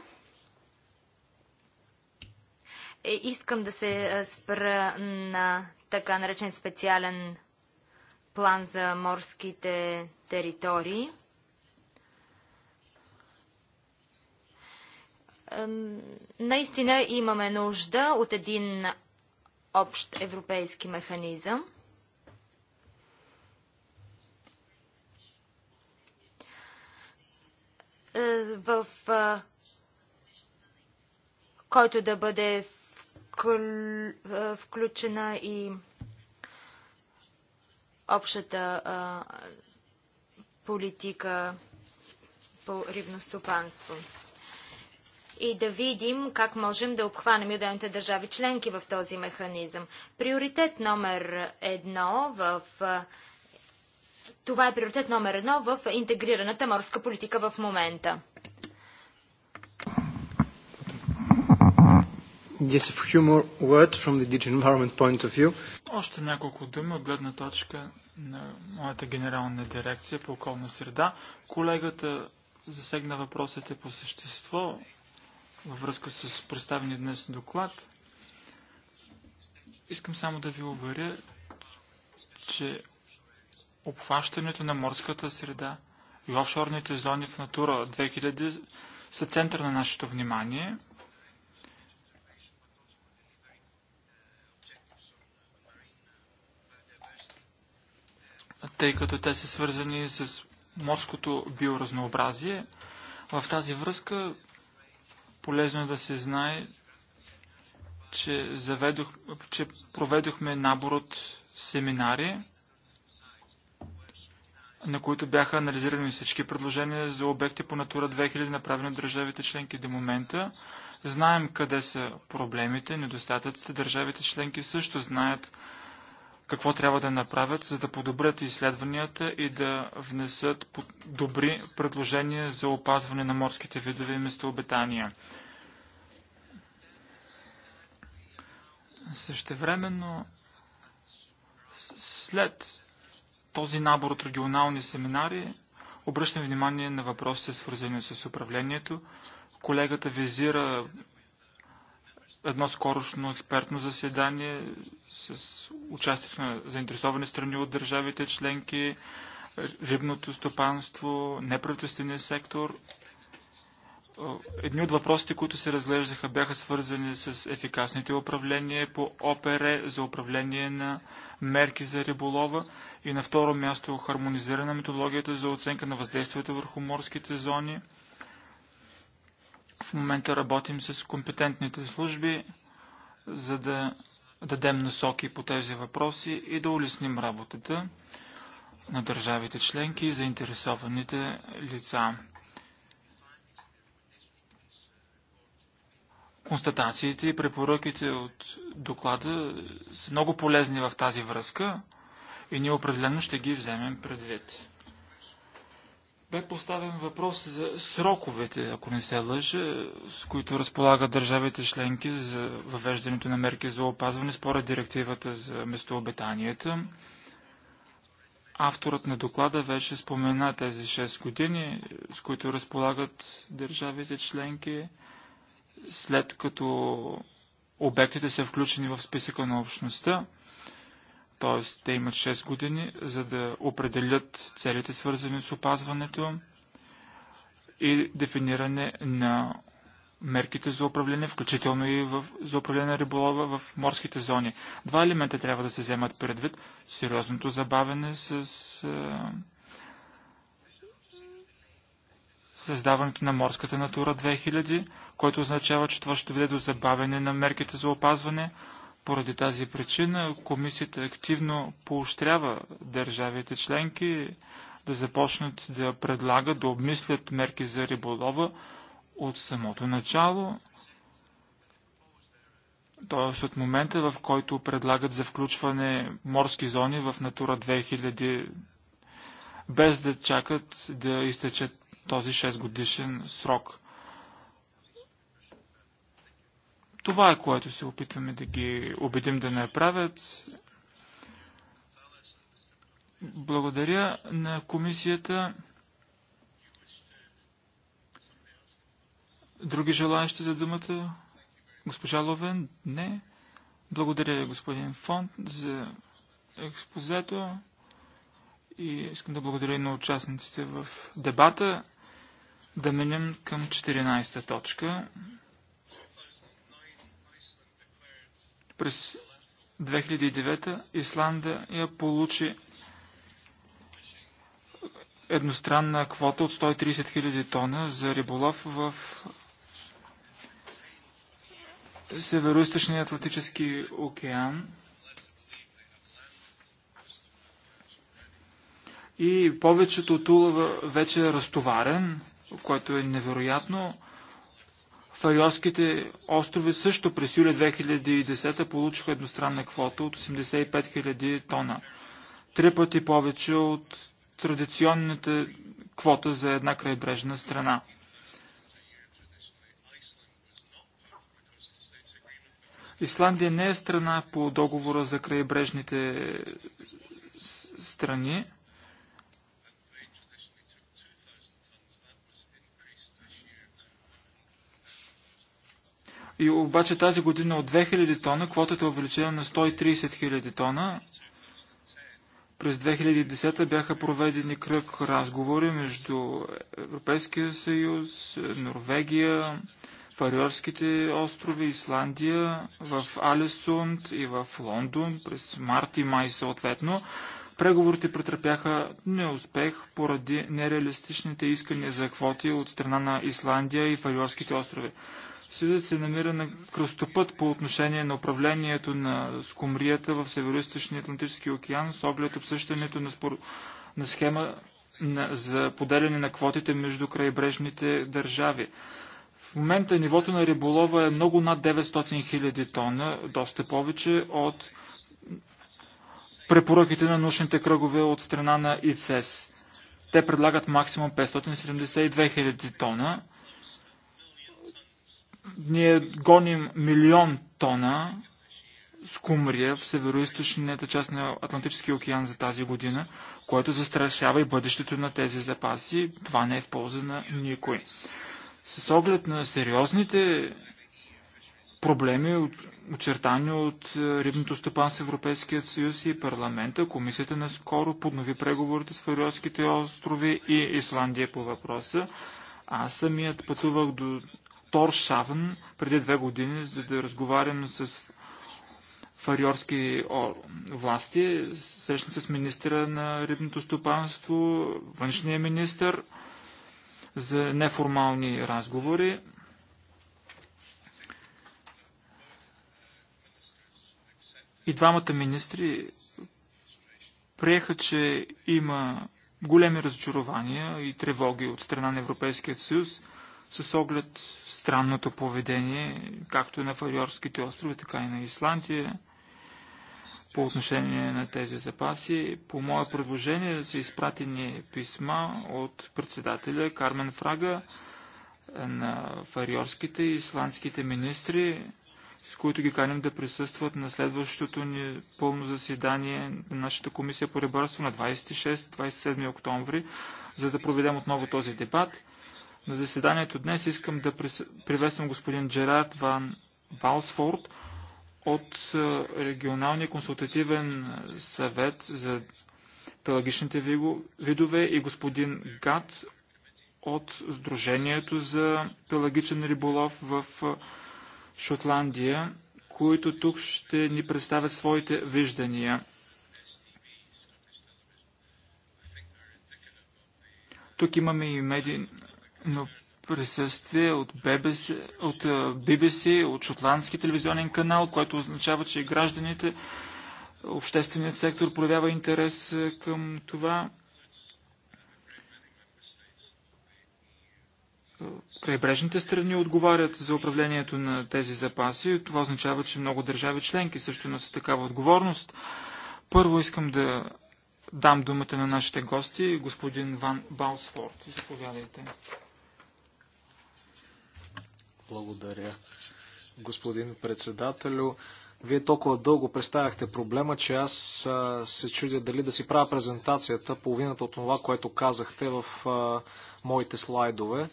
[SPEAKER 3] е, искам да се спра на така наречен специален план за морските територии – наистина имаме нужда от един общ европейски механизъм. Е, в е, който да бъде е, включена и общата политика по ривностопанство и да видим как можем да обхванем и отделните държави членки в този механизъм. Приоритет номер едно в това е приоритет номер едно в интегрираната морска политика в момента.
[SPEAKER 1] Yes, words from the environment point of view.
[SPEAKER 2] Още няколко думи от гледна точка на моята генерална дирекция по околна среда. Колегата засегна въпросите по същество във връзка с представения днес доклад. Искам само да ви уверя, че обхващането на морската среда и офшорните зони в Натура 2000 са център на нашето внимание. Тъй като те са свързани с морското биоразнообразие, в тази връзка Полезно е да се знае, че, заведох, че проведохме набор от семинари, на които бяха анализирани всички предложения за обекти по Натура 2000, направени от държавите членки до момента. Знаем къде са проблемите, недостатъците. Държавите членки също знаят какво трябва да направят, за да подобрят изследванията и да внесат добри предложения за опазване на морските видове и местообитания. Същевременно, след този набор от регионални семинари, обръщам внимание на въпросите, свързани с управлението. Колегата визира едно скорошно експертно заседание с участието на заинтересовани страни от държавите членки, рибното стопанство, неправителствения сектор. Едни от въпросите, които се разглеждаха, бяха свързани с ефикасните управления по ОПР за управление на мерки за риболова и на второ място хармонизирана методологията за оценка на въздействието върху морските зони – в момента работим с компетентните служби, за да дадем насоки по тези въпроси и да улесним работата на държавите членки и заинтересованите лица. Констатациите и препоръките от доклада са много полезни в тази връзка и ние определено ще ги вземем предвид. Бе поставен въпрос за сроковете, ако не се лъжа, с които разполагат държавите членки за въвеждането на мерки за опазване според директивата за местообитанията. Авторът на доклада вече спомена тези 6 години, с които разполагат държавите членки, след като обектите са включени в списъка на общността т.е. те имат 6 години, за да определят целите свързани с опазването и дефиниране на мерките за управление, включително и в, за управление на риболова в морските зони. Два елемента трябва да се вземат предвид. Сериозното забавене с е, създаването на морската натура 2000, което означава, че това ще доведе до забавене на мерките за опазване, поради тази причина комисията активно поощрява държавите членки да започнат да предлагат, да обмислят мерки за риболова от самото начало, т.е. от момента, в който предлагат за включване морски зони в Натура 2000, без да чакат да изтече този 6 годишен срок. Това е което се опитваме да ги убедим да не направят. Благодаря на комисията. Други желаящи за думата? Госпожа Ловен? Не. Благодаря, господин Фонд, за експозето и искам да благодаря и на участниците в дебата. Да минем към 14-та точка. През 2009 Исландия получи едностранна квота от 130 000 тона за риболов в северо Атлантически океан. И повечето от улова вече е разтоварен, което е невероятно. Фариоските острови също през юли 2010 получиха едностранна квота от 85 000 тона. Три пъти повече от традиционната квота за една крайбрежна страна. Исландия не е страна по договора за крайбрежните страни, И обаче тази година от 2000 тона квотата е увеличена на 130 000 тона. През 2010 бяха проведени кръг разговори между Европейския съюз, Норвегия, Фариорските острови, Исландия, в Алесунд и в Лондон през март и май съответно. Преговорите претърпяха неуспех поради нереалистичните искания за квоти от страна на Исландия и Фариорските острови. Съюзът се намира на кръстопът по отношение на управлението на скумрията в северо Атлантически океан с оглед обсъщането на, спор... на схема на... за поделяне на квотите между крайбрежните държави. В момента нивото на риболова е много над 900 000 тона, доста повече от препоръките на научните кръгове от страна на ИЦЕС. Те предлагат максимум 572 000 тона. Ние гоним милион тона скумрия в северо-источната част на Атлантическия океан за тази година, което застрашава и бъдещето на тези запаси. Това не е в полза на никой. С оглед на сериозните проблеми, очертани от е, рибното стъпан с Европейския съюз и парламента, комисията наскоро поднови преговорите с Фариотските острови и Исландия по въпроса. Аз самият пътувах до Шавен преди две години, за да разговарям с фариорски власти. Срещна с министра на рибното стопанство, външния министр за неформални разговори. И двамата министри приеха, че има големи разочарования и тревоги от страна на Европейския съюз – с оглед странното поведение, както на Фариорските острови, така и на Исландия, по отношение на тези запаси. По мое предложение са изпратени писма от председателя Кармен Фрага е, на фариорските и исландските министри, с които ги каним да присъстват на следващото ни пълно заседание на нашата комисия по рибарство на 26-27 октомври, за да проведем отново този дебат. На заседанието днес искам да приветствам господин Джерард Ван Балсфорд от е, Регионалния консултативен е, съвет за пелагичните видове и господин Гат от Сдружението за пелагичен риболов в е, Шотландия, които тук ще ни представят своите виждания. Тук имаме и меди но присъствие от BBC, от BBC, от шотландски телевизионен канал, което означава, че и гражданите, общественият сектор проявява интерес към това. Крайбрежните страни отговарят за управлението на тези запаси. Това означава, че много държави членки също носят такава отговорност. Първо искам да дам думата на нашите гости, господин Ван Балсфорд. Заповядайте.
[SPEAKER 1] Благодаря, господин председателю. Вие толкова дълго представяхте проблема, че аз а, се чудя дали да си правя презентацията, половината от това, което казахте в а, моите слайдове.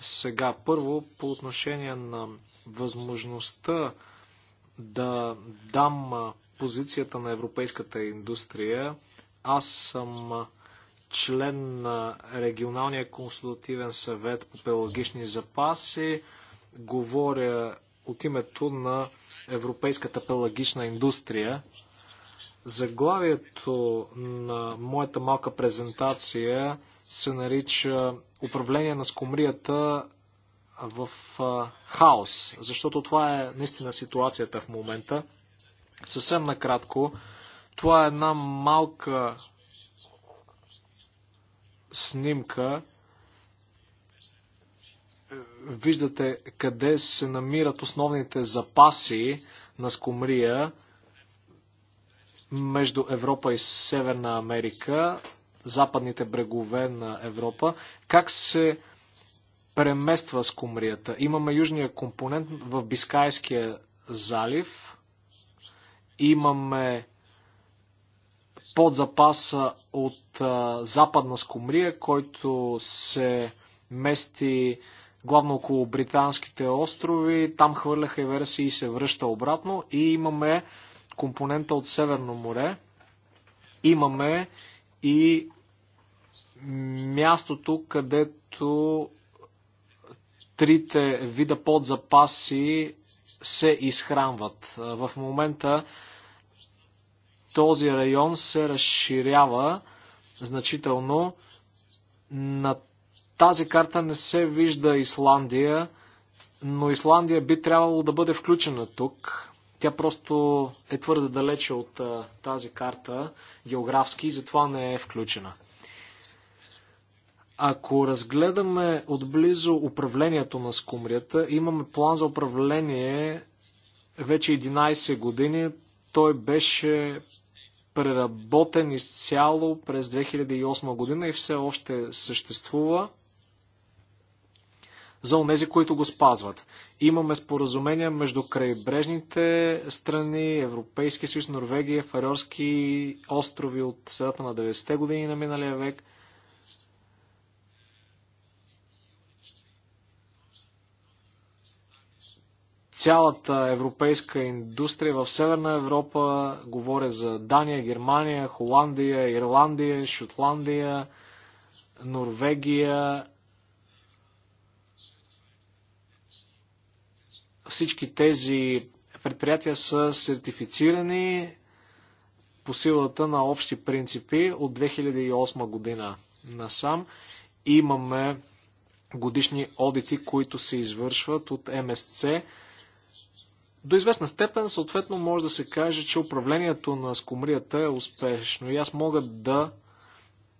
[SPEAKER 1] Сега, първо, по отношение на възможността да дам позицията на европейската индустрия, аз съм член на Регионалния консултативен съвет по пелагични запаси говоря от името на Европейската пелагична индустрия. Заглавието на моята малка презентация се нарича Управление на скумрията в хаос, защото това е наистина ситуацията в момента. Съвсем накратко, това е една малка снимка, виждате къде се намират основните запаси на скумрия между Европа и Северна Америка, западните брегове на Европа. Как се премества скумрията? Имаме южния компонент в Бискайския залив. Имаме подзапаса от а, западна скумрия, който се мести главно около британските острови, там хвърляха и версии и се връща обратно. И имаме компонента от Северно море, имаме и мястото, където трите вида подзапаси се изхранват. В момента този район се разширява значително. На тази карта не се вижда Исландия, но Исландия би трябвало да бъде включена тук. Тя просто е твърде далече от тази карта географски и затова не е включена. Ако разгледаме отблизо управлението на скумрията, имаме план за управление вече 11 години. Той беше преработен изцяло през 2008 година и все още съществува за онези, които го спазват. Имаме споразумения между крайбрежните страни, Европейския съюз, Норвегия, фариорски острови от средата на 90-те години на миналия век. Цялата европейска индустрия в Северна Европа, говоря за Дания, Германия, Холандия, Ирландия, Шотландия, Норвегия, Всички тези предприятия са сертифицирани по силата на общи принципи от 2008 година насам. Имаме годишни одити, които се извършват от МСЦ. До известна степен, съответно, може да се каже, че управлението на скумрията е успешно. И аз мога да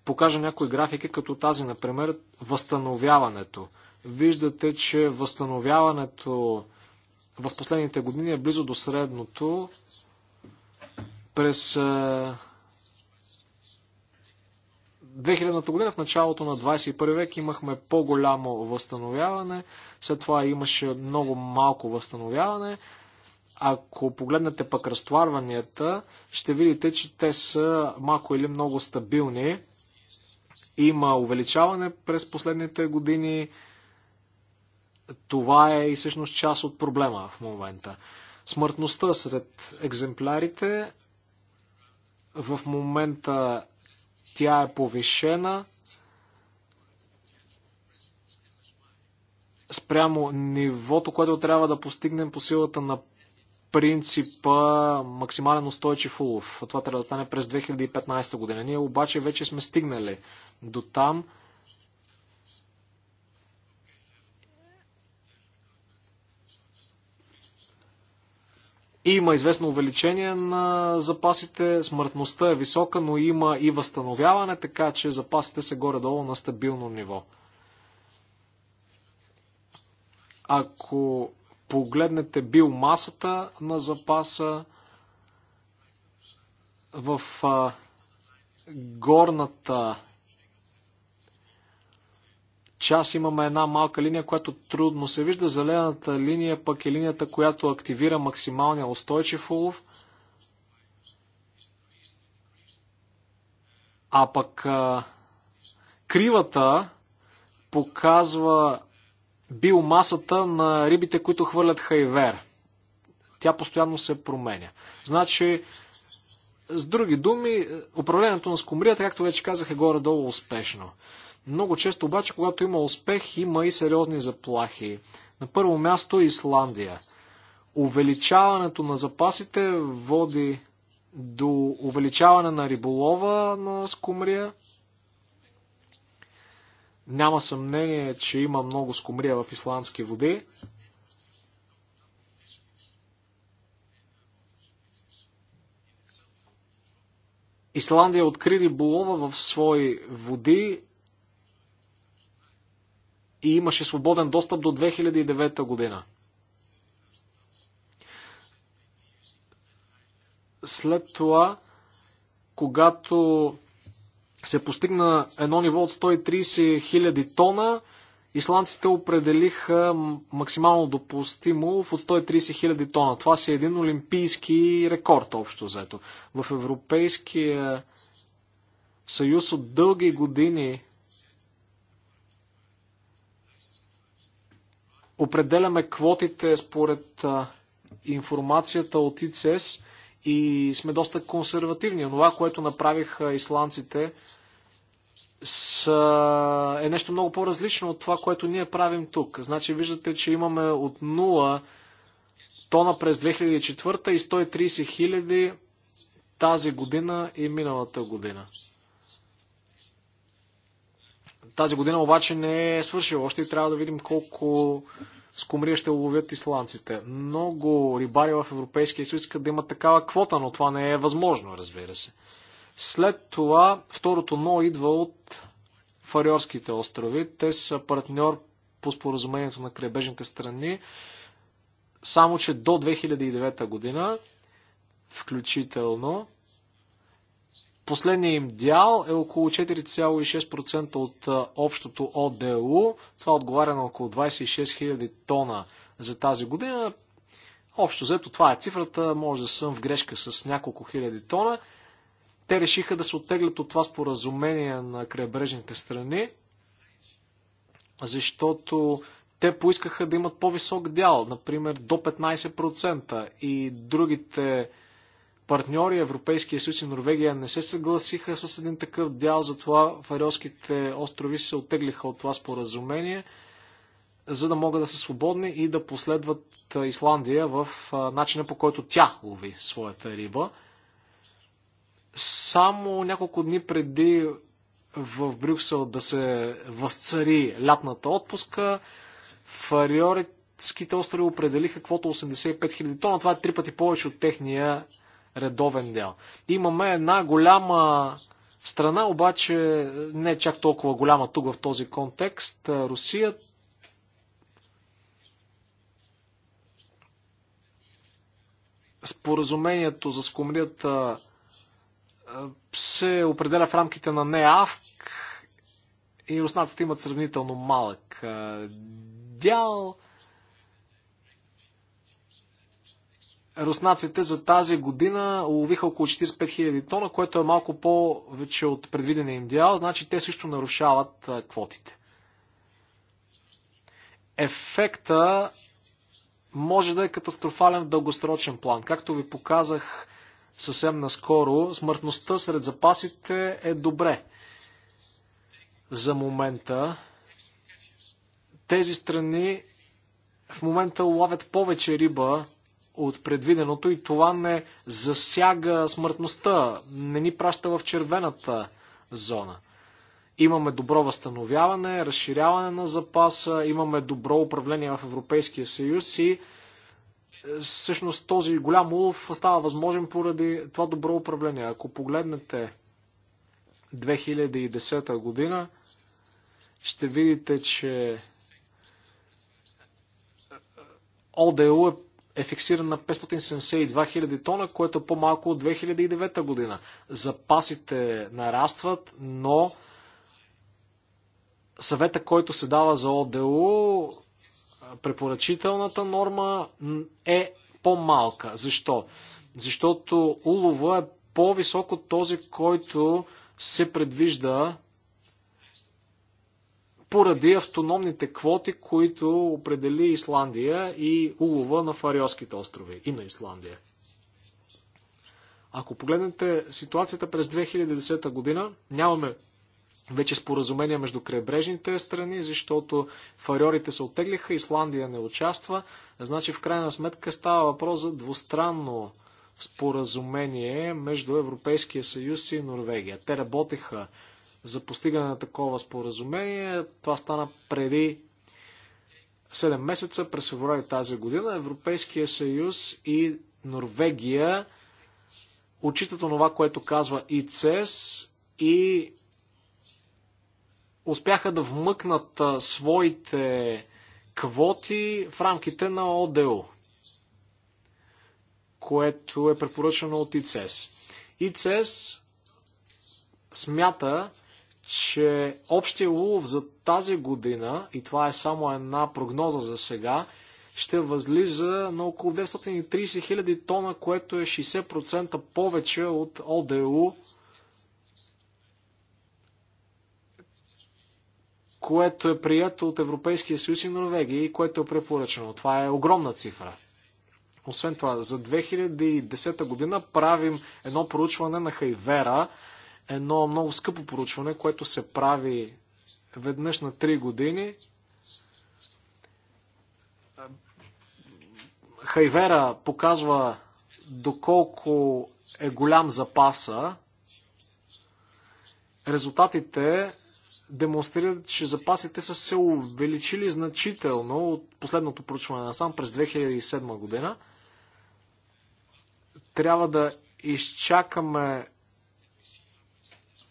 [SPEAKER 1] покажа някои графики, като тази, например, възстановяването. Виждате, че възстановяването в последните години е близо до средното. През 2000-та година, в началото на 21 век, имахме по-голямо възстановяване, след това имаше много малко възстановяване. Ако погледнете пък разтоварванията, ще видите, че те са малко или много стабилни. Има увеличаване през последните години, това е и всъщност част от проблема в момента. Смъртността сред екземплярите в момента тя е повишена спрямо нивото, което трябва да постигнем по силата на принципа максимален устойчив улов. Това трябва да стане през 2015 година. Ние обаче вече сме стигнали до там. Има известно увеличение на запасите, смъртността е висока, но има и възстановяване, така че запасите са горе-долу на стабилно ниво. Ако погледнете биомасата на запаса в горната час имаме една малка линия, която трудно се вижда. Зелената линия пък е линията, която активира максималния устойчив улов. А пък а, кривата показва биомасата на рибите, които хвърлят хайвер. Тя постоянно се променя. Значи, с други думи, управлението на скумрията, както вече казах, е горе-долу успешно. Много често обаче, когато има успех, има и сериозни заплахи. На първо място е Исландия. Увеличаването на запасите води до увеличаване на риболова на скумрия. Няма съмнение, че има много скумрия в исландски води. Исландия откри риболова в свои води и имаше свободен достъп до 2009 година. След това, когато се постигна едно ниво от 130 000 тона, Исландците определиха максимално допустимо в от 130 000 тона. Това си е един олимпийски рекорд общо взето. В Европейския съюз от дълги години Определяме квотите според информацията от ИЦС и сме доста консервативни. Това, което направиха исландците, са... е нещо много по-различно от това, което ние правим тук. Значи виждате, че имаме от 0 тона през 2004 и 130 хиляди тази година и миналата година. Тази година обаче не е свършила още и трябва да видим колко скумрия ще ловят исландците. Много рибари в Европейския съюз искат да имат такава квота, но това не е възможно, разбира се. След това второто но идва от Фариорските острови. Те са партньор по споразумението на крайбежните страни, само че до 2009 година, включително, Последният им дял е около 4,6% от общото ОДУ. Това отговаря на около 26 000 тона за тази година. Общо взето това е цифрата, може да съм в грешка с няколко хиляди тона. Те решиха да се оттеглят от това споразумение на крайбрежните страни, защото те поискаха да имат по-висок дял, например до 15% и другите партньори, Европейския съюз и Норвегия, не се съгласиха с един такъв дял, затова Фарелските острови се оттеглиха от това споразумение, за да могат да са свободни и да последват Исландия в начина по който тя лови своята риба. Само няколко дни преди в Брюксел да се възцари лятната отпуска, фариорите Ските острови определиха каквото 85 000 тона. Това е три пъти повече от техния редовен дял. Имаме една голяма страна, обаче не чак толкова голяма тук в този контекст. Е, Русия. Споразумението за скумрията е, е, се определя в рамките на НЕАВК и руснаците имат сравнително малък дял. руснаците за тази година уловиха около 45 000 тона, което е малко повече от предвидения им дял, значи те също нарушават квотите. Ефекта може да е катастрофален в дългосрочен план. Както ви показах съвсем наскоро, смъртността сред запасите е добре за момента. Тези страни в момента ловят повече риба, от предвиденото и това не засяга смъртността, не ни праща в червената зона. Имаме добро възстановяване, разширяване на запаса, имаме добро управление в Европейския съюз и е, всъщност този голям улов става възможен поради това добро управление. Ако погледнете 2010 година, ще видите, че ОДЛ е е фиксиран на 572 000 тона, което е по-малко от 2009 година. Запасите нарастват, но съвета, който се дава за ОДУ, препоръчителната норма е по-малка. Защо? Защото улова е по-висок от този, който се предвижда поради автономните квоти, които определи Исландия и улова на Фариоските острови и на Исландия. Ако погледнете ситуацията през 2010 година, нямаме вече споразумение между крайбрежните страни, защото фариорите се оттеглиха, Исландия не участва. Значи в крайна сметка става въпрос за двустранно споразумение между Европейския съюз и Норвегия. Те работеха за постигане на такова споразумение. Това стана преди 7 месеца, през феврали тази година. Европейския съюз и Норвегия отчитат онова, което казва ИЦЕС и успяха да вмъкнат своите квоти в рамките на ОДО, което е препоръчано от ИЦЕС. ИЦЕС смята, че общия улов за тази година, и това е само една прогноза за сега, ще възлиза на около 930 000 тона, което е 60% повече от ОДУ, е което е прието от Европейския съюз и Норвегия и което е препоръчено. Това е огромна цифра. Освен това, за 2010 година правим едно проучване на Хайвера, едно много скъпо поручване, което се прави веднъж на 3 години. Хайвера показва доколко е голям запаса. Резултатите демонстрират, че запасите са се увеличили значително от последното проучване САМ през 2007 година. Трябва да изчакаме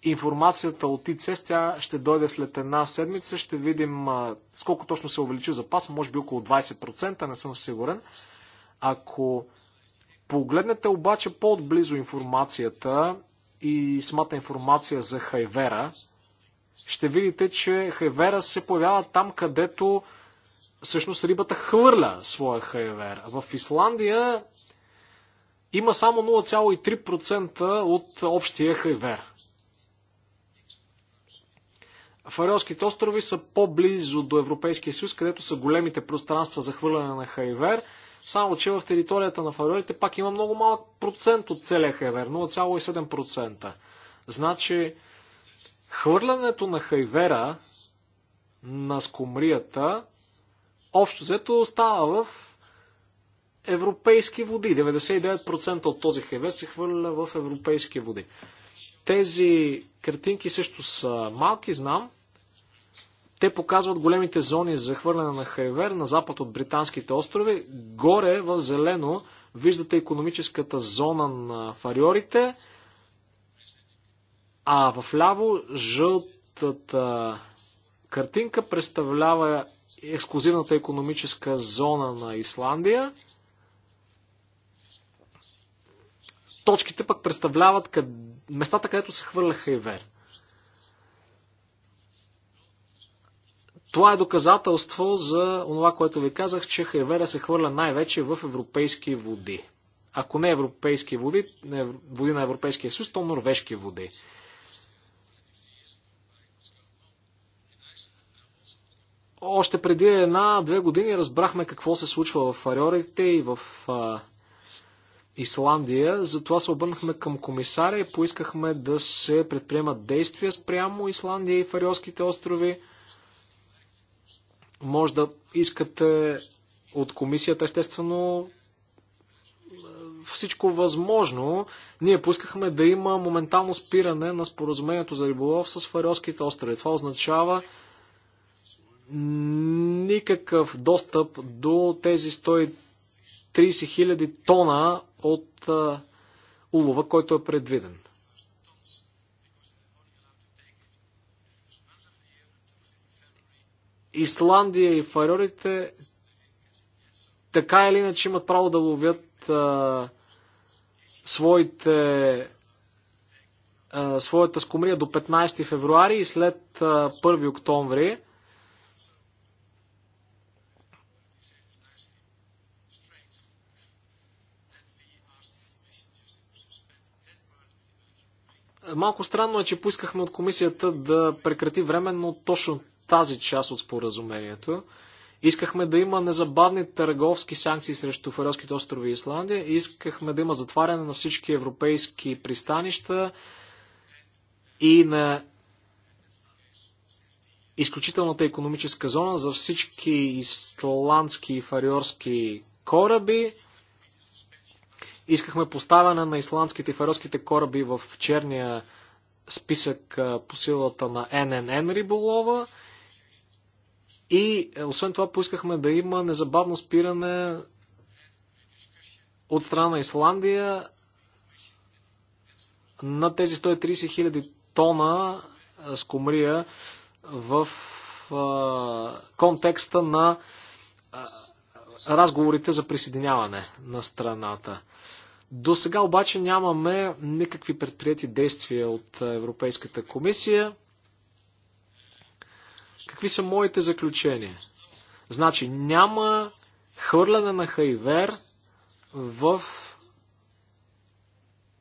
[SPEAKER 1] информацията от ИЦЕС, тя ще дойде след една седмица, ще видим сколко точно се е увеличи запас, може би около 20%, не съм сигурен. Ако погледнете обаче по-отблизо информацията и самата информация за Хайвера, ще видите, че Хайвера се появява там, където всъщност рибата хвърля своя Хайвер. В Исландия има само 0,3% от общия хайвер. Фарелските острови са по-близо до Европейския съюз, където са големите пространства за хвърляне на хайвер. Само, че в територията на Фарелите пак има много малък процент от целия хайвер, 0,7%. Значи, хвърлянето на хайвера на скумрията общо взето става в европейски води. 99% от този хайвер се хвърля в европейски води. Тези картинки също са малки, знам. Те показват големите зони за хвърляне на хайвер на запад от британските острови. Горе в зелено виждате економическата зона на фариорите, а в ляво жълтата картинка представлява ексклюзивната економическа зона на Исландия. Точките пък представляват къде местата, където се хвърляха и вер. Това е доказателство за това, което ви казах, че хайвера се хвърля най-вече в европейски води. Ако не европейски води, не води на Европейския съюз, то норвежки води. Още преди една-две години разбрахме какво се случва в Ариорите и в а, Исландия. Затова се обърнахме към комисаря и поискахме да се предприемат действия спрямо Исландия и Фариоските острови. Може да искате от комисията, естествено, всичко възможно. Ние поискахме да има моментално спиране на споразумението за риболов с Фариоските острови. Това означава никакъв достъп до тези 30 000 тона от улова, който е предвиден. Исландия и фарерите така или иначе имат право да ловят а, своите а, своята скумрия до 15 февруари и след а, 1 октомври Малко странно е, че поискахме от комисията да прекрати временно точно тази част от споразумението. Искахме да има незабавни търговски санкции срещу Фарелските острови и Исландия. Искахме да има затваряне на всички европейски пристанища и на изключителната економическа зона за всички исландски и фариорски кораби. Искахме поставяне на исландските и феройските кораби в черния списък по силата на ННН риболова. И е, освен това поискахме да има незабавно спиране от страна на Исландия на тези 130 хиляди тона е, с комрия в е, контекста на разговорите за присъединяване на страната. До сега обаче нямаме никакви предприяти действия от Европейската комисия. Какви са моите заключения? Значи няма хвърляне на Хайвер в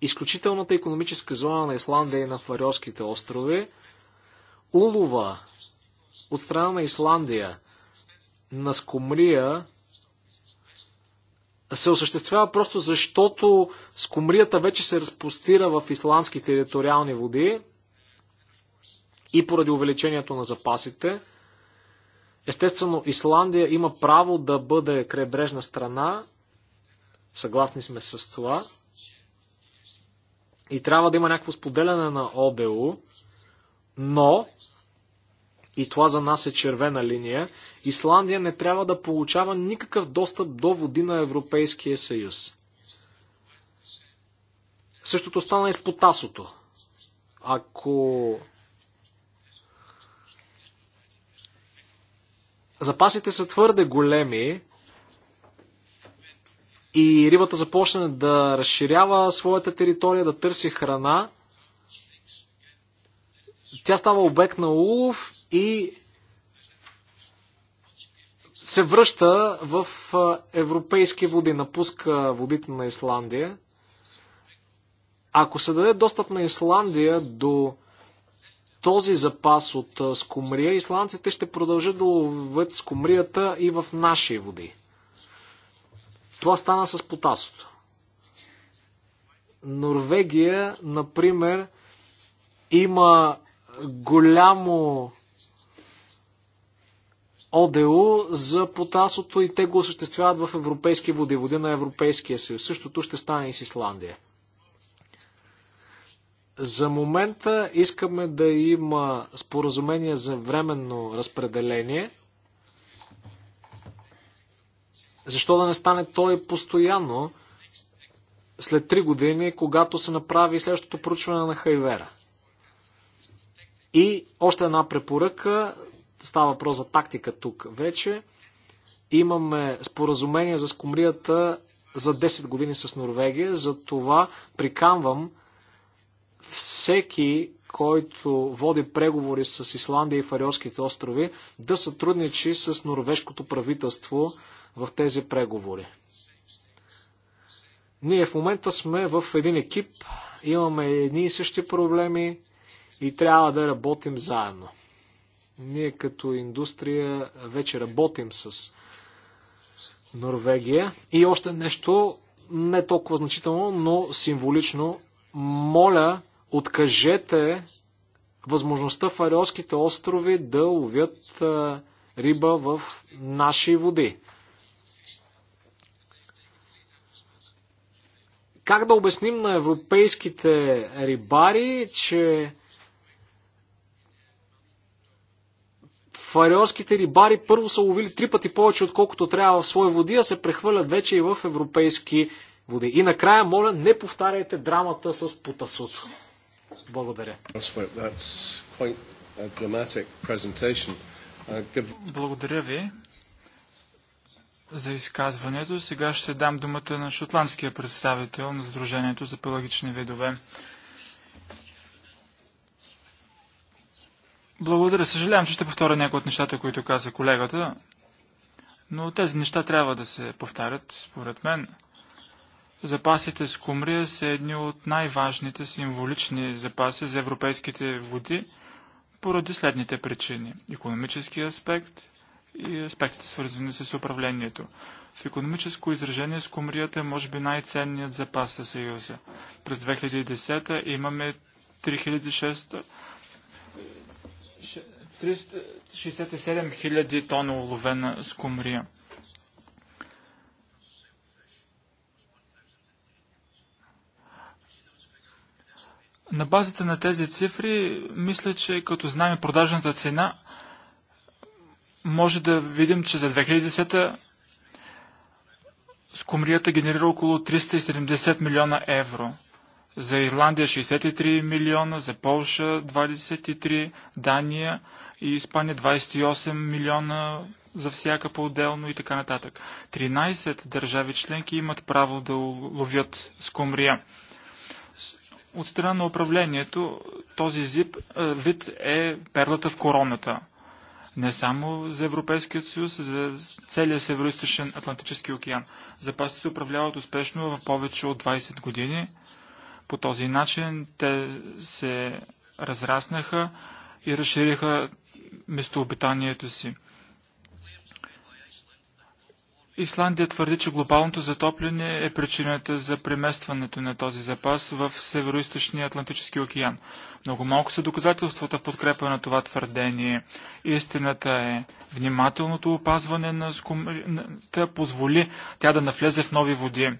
[SPEAKER 1] изключителната економическа зона на Исландия и на Фариоските острови. Улова от страна на Исландия на скумрия се осъществява просто защото скумрията вече се разпостира в исландски териториални води и поради увеличението на запасите. Естествено, Исландия има право да бъде крайбрежна страна. Съгласни сме с това. И трябва да има някакво споделяне на ОДУ. Но и това за нас е червена линия, Исландия не трябва да получава никакъв достъп до води на Европейския съюз. Същото стана и с потасото. Ако запасите са твърде големи и рибата започне да разширява своята територия, да търси храна, тя става обект на улов, и се връща в европейски води, напуска водите на Исландия. Ако се даде достъп на Исландия до този запас от скумрия, исландците ще продължат да ловят скумрията и в наши води. Това стана с потасото. Норвегия, например, има голямо ОДО за потасото и те го осъществяват в европейски води, води на Европейския съюз. Същото ще стане и с Исландия. За момента искаме да има споразумение за временно разпределение. Защо да не стане той постоянно след три години, когато се направи следващото проучване на Хайвера? И още една препоръка Става въпрос за тактика тук вече. Имаме споразумение за скумрията за 10 години с Норвегия. За това приканвам всеки, който води преговори с Исландия и Фариорските острови, да сътрудничи с норвежкото правителство в тези преговори. Ние в момента сме в един екип, имаме едни и същи проблеми и трябва да работим заедно. Ние като индустрия вече работим с Норвегия. И още нещо, не толкова значително, но символично. Моля, откажете възможността в Ариолските острови да ловят риба в наши води. Как да обясним на европейските рибари, че фарерските рибари първо са ловили три пъти повече, отколкото трябва в свои води, а се прехвърлят вече и в европейски води. И накрая, моля, не повтаряйте драмата с потасото. Благодаря.
[SPEAKER 3] Uh,
[SPEAKER 2] Благодаря ви за изказването. Сега ще дам думата на шотландския представител на Сдружението за пелагични видове. Благодаря. Съжалявам, че ще повторя някои от нещата, които каза колегата, но тези неща трябва да се повтарят, според мен. Запасите с кумрия са едни от най-важните символични запаси за европейските води поради следните причини. Економически аспект и аспектите свързани с управлението. В економическо изражение с кумрията е може би най-ценният запас със Съюза. През 2010 имаме 3600 367 хиляди тона уловена скумрия. На базата на тези цифри, мисля, че като знаем продажната цена, може да видим, че за 2010 скумрията генерира около 370 милиона евро – за Ирландия 63 милиона, за Полша 23, Дания и Испания 28 милиона за всяка по-отделно и така нататък. 13 държави членки имат право да ловят скумрия. От страна на управлението този зип, е, вид е перлата в короната. Не само за Европейският съюз, за целия северо Атлантически океан. Запасите се управляват успешно в повече от 20 години – по този начин те се разраснаха и разшириха местообитанието си. Исландия твърди, че глобалното затопляне е причината за преместването на този запас в Североизточния Атлантически океан. Много малко са доказателствата в подкрепа на това твърдение. Истината е, внимателното опазване на скумрията позволи тя да навлезе в нови води.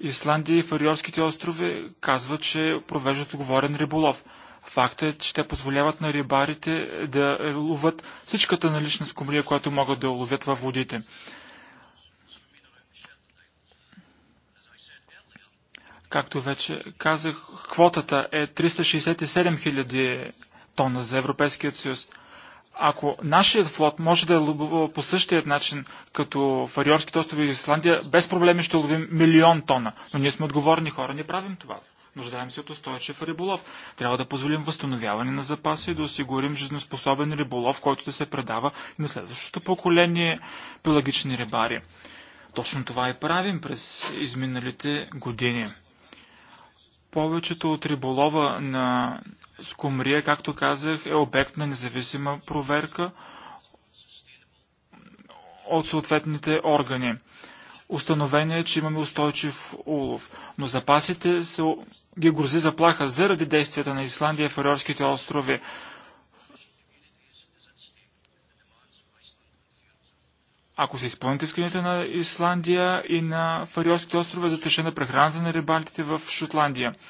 [SPEAKER 2] Исландия и Фариорските острови казват, че провеждат отговорен риболов. Факта е, че те позволяват на рибарите да ловат всичката налична скумрия, която могат да ловят във водите. Както вече казах, квотата е 367 000 тона за Европейският съюз. Ако нашият флот може да е лобува по същия начин, като Фариорските острови и Исландия, без проблеми ще ловим милион тона. Но ние сме отговорни хора, не правим това. Нуждаем се от устойчив риболов. Трябва да позволим възстановяване на запаси и да осигурим жизнеспособен риболов, който да се предава и на следващото поколение пелагични рибари. Точно това и правим през изминалите години. Повечето от риболова на Скумрия, както казах, е обект на независима проверка от съответните органи. Установено е, че имаме устойчив улов, но запасите се, ги грози заплаха заради действията на Исландия и фариорските острови. Ако се изпълнят исканията на Исландия и на Фариорските острови за на прехраната на рибалите в Шотландия –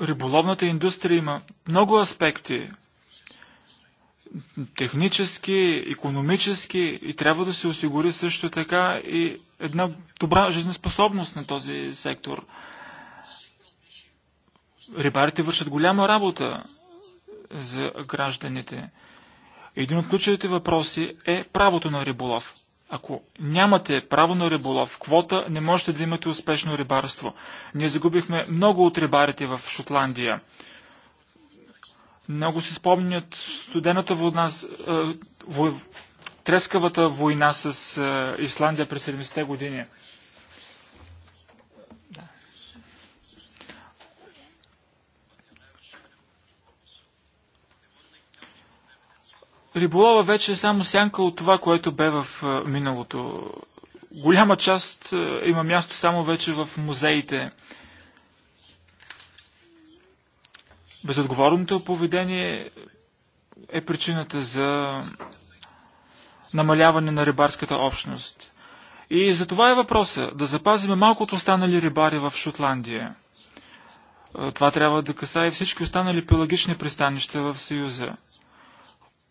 [SPEAKER 2] риболовната индустрия има много аспекти. Технически, економически и трябва да се осигури също така и една добра жизнеспособност на този сектор. Рибарите вършат голяма работа за гражданите. Един от ключовите въпроси е правото на риболов. Ако нямате право на риболов, квота, не можете да имате успешно рибарство. Ние загубихме много от рибарите в Шотландия. Много си спомнят студената война, е, трескавата война с е, Исландия през 70-те години. Риболова вече е само сянка от това, което бе в миналото. Голяма част има място само вече в музеите. Безотговорното поведение е причината за намаляване на рибарската общност. И за това е въпроса да запазим от останали рибари в Шотландия. Това трябва да касае всички останали пелагични пристанища в Съюза.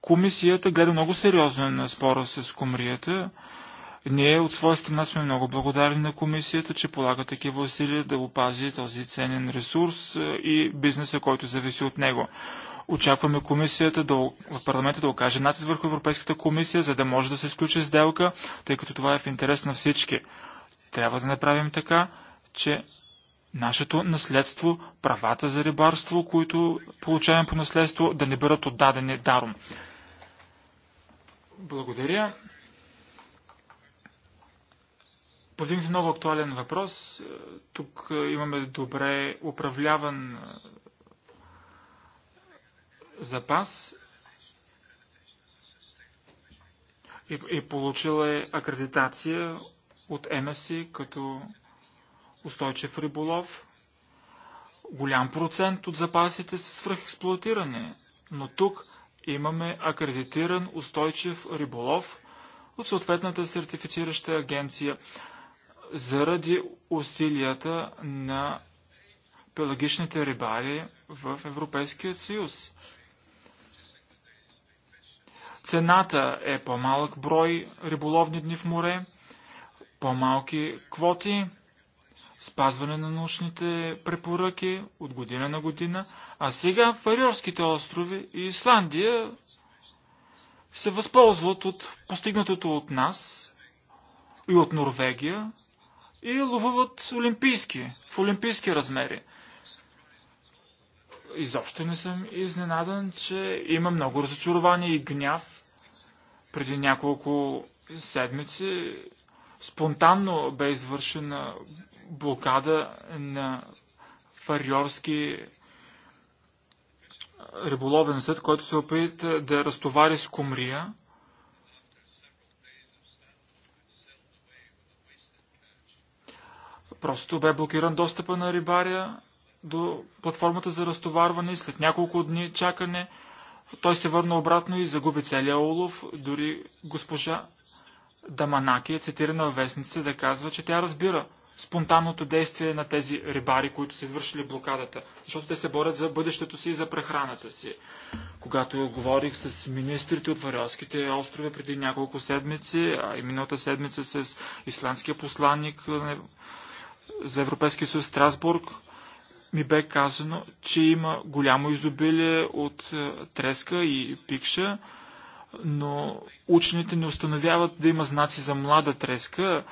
[SPEAKER 2] Комисията гледа много сериозно на спора с Комрията. Ние от своя страна сме много благодарни на комисията, че полага такива усилия да опази този ценен ресурс е, и бизнеса, който зависи от него. Очакваме комисията да, парламента да окаже натиск върху Европейската комисия, за да може да се изключи сделка, тъй като това е в интерес на всички. Трябва да направим така, че нашето наследство, правата за рибарство, които получаваме по наследство, да не бъдат отдадени даром. Благодаря. Повдигнахте много актуален въпрос. Тук е, имаме добре управляван е, запас и, и получила е акредитация от МСИ като устойчив риболов. Голям процент от запасите са свръхексплуатирани, но тук имаме акредитиран устойчив риболов от съответната сертифицираща агенция заради усилията на пелагичните рибари в Европейския съюз. Цената е по-малък брой риболовни дни в море, по-малки квоти, спазване на научните препоръки от година на година, а сега Фариорските острови и Исландия се възползват от постигнатото от нас и от Норвегия и ловуват олимпийски, в олимпийски размери. Изобщо не съм изненадан, че има много разочарование и гняв. Преди няколко седмици спонтанно бе извършена блокада на фариорски риболовен съд, който се опита да разтовари с кумрия. Просто бе блокиран достъпа на рибаря до платформата за разтоварване. След няколко дни чакане той се върна обратно и загуби целия улов. Дори госпожа Даманаки е цитирана в вестница да казва, че тя разбира – спонтанното действие на тези рибари, които са извършили блокадата, защото те се борят за бъдещето си и за прехраната си. Когато говорих с министрите от Варелските острови преди няколко седмици, а и миналата седмица с исландския посланник за Европейския съюз Страсбург, ми бе казано, че има голямо изобилие от треска и пикша, но учените не установяват да има знаци за млада треска,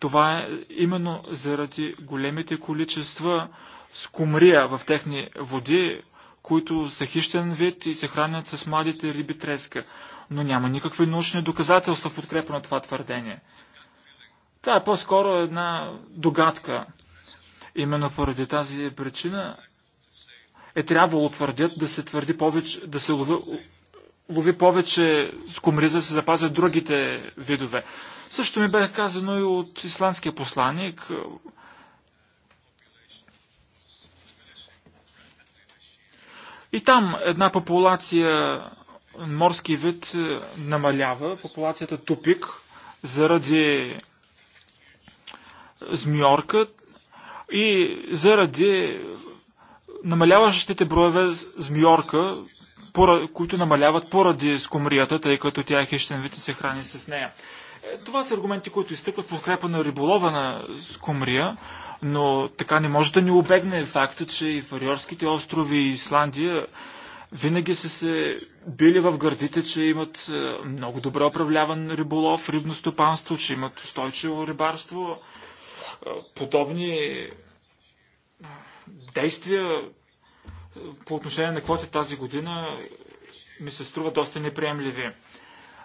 [SPEAKER 2] това е именно заради големите количества скумрия в техни води, които са хищен вид и се хранят с младите риби треска. Но няма никакви научни доказателства в подкрепа на това твърдение. Това е по-скоро една догадка. Именно поради тази причина е трябвало твърдят да се твърди повече, да се лови, лови повече скумри, за да се запазят другите видове. Също ми бе казано и от исландския посланник. И там една популация морски вид намалява, популацията тупик, заради змиорка и заради намаляващите броеве змиорка, които намаляват поради скумрията, тъй като тя е хищен вид и се храни с нея. Е, това са аргументи, които изтъкват подкрепа на риболова на Скумрия, но така не може да ни обегне факта, че и Фариорските острови и Исландия винаги са се били в гърдите, че имат е, много добре управляван риболов, рибно стопанство, че имат устойчиво рибарство. Е, подобни действия по отношение на квоти тази година ми се струва доста неприемливи.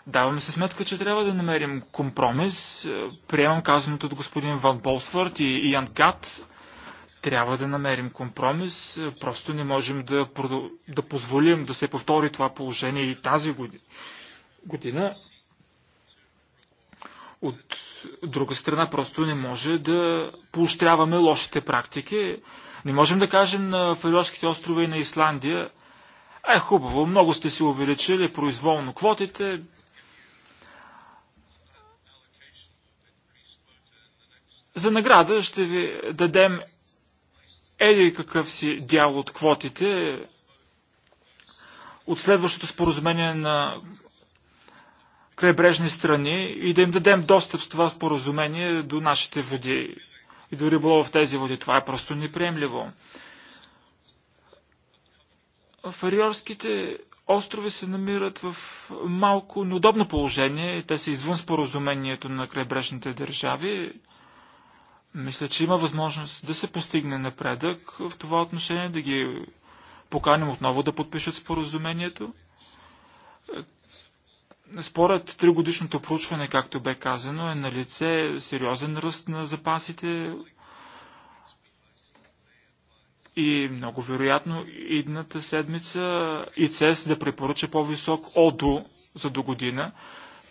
[SPEAKER 2] Даваме се сметка, че трябва да намерим компромис. Е, приемам казаното от господин Ван Болсфорд и Ян Кат. Трябва да намерим компромис. Е, просто не можем да, да позволим да се повтори това положение и тази година. От друга страна, просто не може да поощряваме лошите практики. Не можем да кажем на Фариорските острова и на Исландия, е хубаво, много сте си увеличили произволно квотите, За награда ще ви дадем еди какъв си дял от квотите от следващото споразумение на крайбрежни страни и да им дадем достъп с това споразумение до нашите води и до риболов в тези води. Това е просто неприемливо. Фариорските острови се намират в малко неудобно положение. Те са извън споразумението на крайбрежните държави. Мисля, че има възможност да се постигне напредък в това отношение, да ги поканим отново да подпишат споразумението. Според тригодишното проучване, както бе казано, е на лице сериозен ръст на запасите и много вероятно идната седмица ИЦЕС да препоръча по-висок ОДО за до година.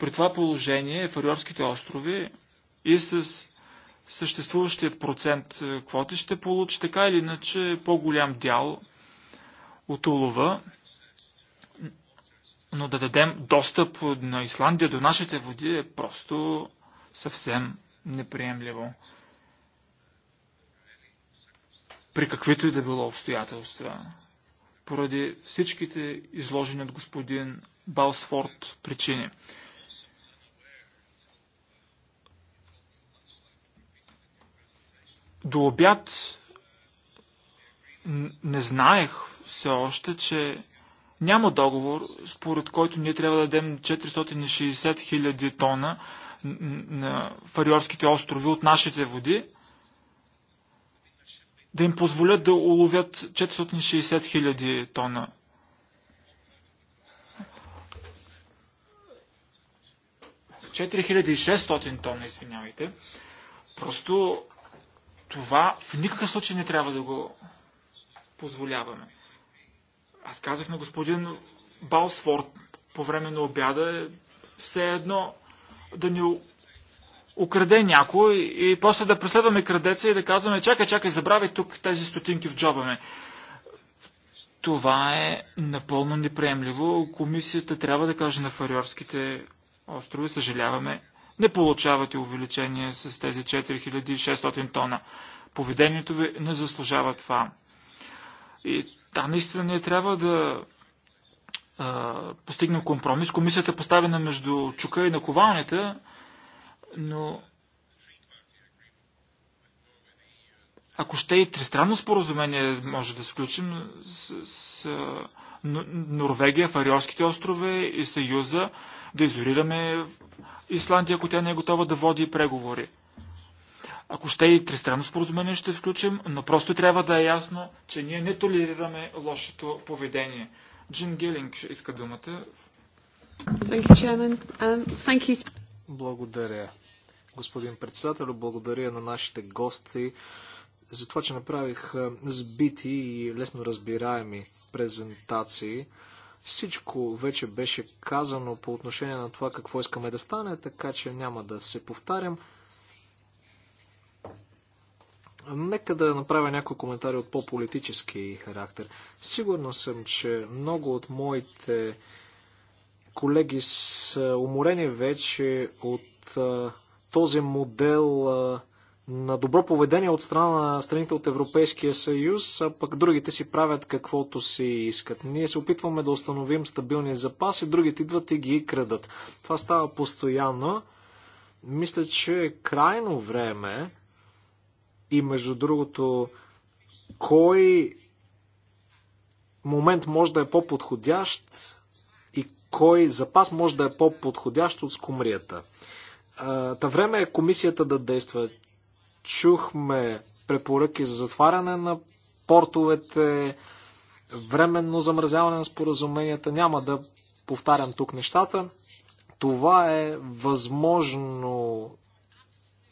[SPEAKER 2] При това положение Фариорските острови и с съществуващия процент е, квоти ще получи така или иначе по-голям дял от улова, но да дадем достъп на Исландия до нашите води е просто съвсем неприемливо. При каквито и да било обстоятелства. Поради всичките изложени от господин Балсфорд причини. До обяд не знаех все още, че няма договор, според който ние трябва да дадем 460 хиляди тона на Фариорските острови от нашите води, да им позволят да уловят 460 хиляди тона. – 4600 тона, извинявайте. Просто това в никакъв случай не трябва да го позволяваме. Аз казах на господин Балсфорд по време на обяда, все едно да ни украде някой и после да преследваме крадеца и да казваме, чакай, чакай, забравяй тук тези стотинки в джоба ме. Това е напълно неприемливо. Комисията трябва да каже на Фариорските острови, съжаляваме, не получавате увеличение с тези 4600 тона. Поведението ви не заслужава това. И да, наистина ние трябва да а, постигнем компромис. Комисията е поставена между чука и наковалнята, но ако ще и тристранно споразумение може да сключим с, с Норвегия, Фариорските острове и Съюза, да изолираме Исландия, ако тя не е готова да води преговори. Ако ще и тристранно споразумение ще включим, но просто трябва да е ясно, че ние не толерираме лошото поведение.
[SPEAKER 1] Джин Гелинг иска думата. Um, благодаря. Господин председател, благодаря на нашите гости за това, че направих сбити и лесно разбираеми презентации. Всичко вече беше казано по отношение на това какво искаме да стане, така че няма да се повтарям. Нека да направя някои коментари от по-политически характер. Сигурно съм, че много от моите колеги са уморени вече от а, този модел а, на добро поведение от страна на страните от Европейския съюз, а пък другите си правят каквото си искат. Ние се опитваме да установим стабилни запаси, другите идват и ги крадат. Това става постоянно. Мисля, че е крайно време и между другото, кой момент може да е по-подходящ и кой запас може да е по-подходящ от скумрията. Та време е комисията да действа. Чухме препоръки за затваряне на портовете, временно замразяване на споразуменията. Няма да повтарям тук нещата. Това е възможно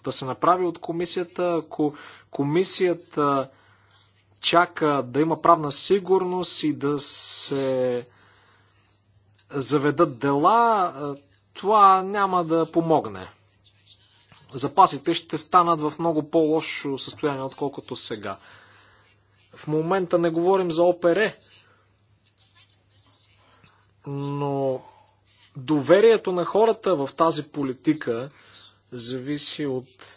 [SPEAKER 1] да се направи от комисията. Ако комисията чака да има правна сигурност и да се заведат дела, това няма да помогне запасите ще станат в много по-лошо състояние, отколкото сега. В момента не говорим за ОПР, но доверието на хората в тази политика зависи от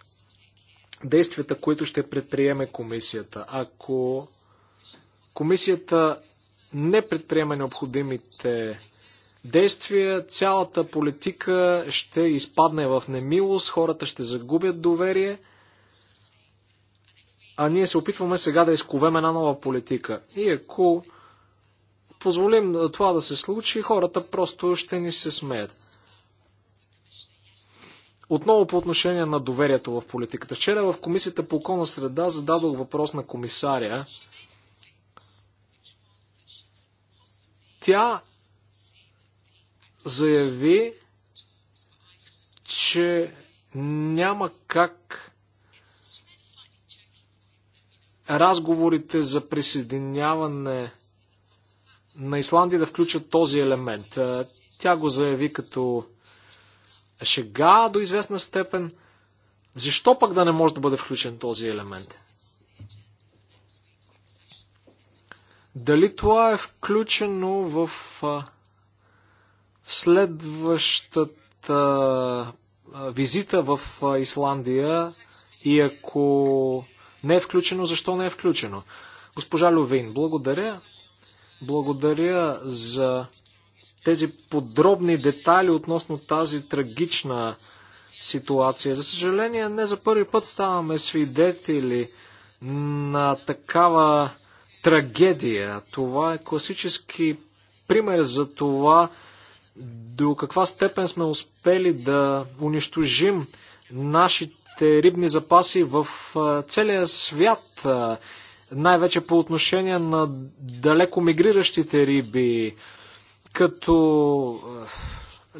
[SPEAKER 1] действията, които ще предприеме комисията. Ако комисията не предприеме необходимите действия, цялата политика ще изпадне в немилост, хората ще загубят доверие, а ние се опитваме сега да изковем една нова политика. И ако позволим това да се случи, хората просто ще ни се смеят. Отново по отношение на доверието в политиката. Вчера в Комисията по околна среда зададох въпрос на комисаря. Тя заяви, че няма как разговорите за присъединяване на Исландия да включат този елемент. Тя го заяви като шега до известна степен. Защо пък да не може да бъде включен този елемент? Дали това е включено в Следващата визита в Исландия и ако не е включено, защо не е включено? Госпожа Лювин, благодаря. Благодаря за тези подробни детайли относно тази трагична ситуация. За съжаление, не за първи път ставаме свидетели на такава трагедия. Това е класически пример за това, до каква степен сме успели да унищожим нашите рибни запаси в целия свят, най-вече по отношение на далеко мигриращите риби, като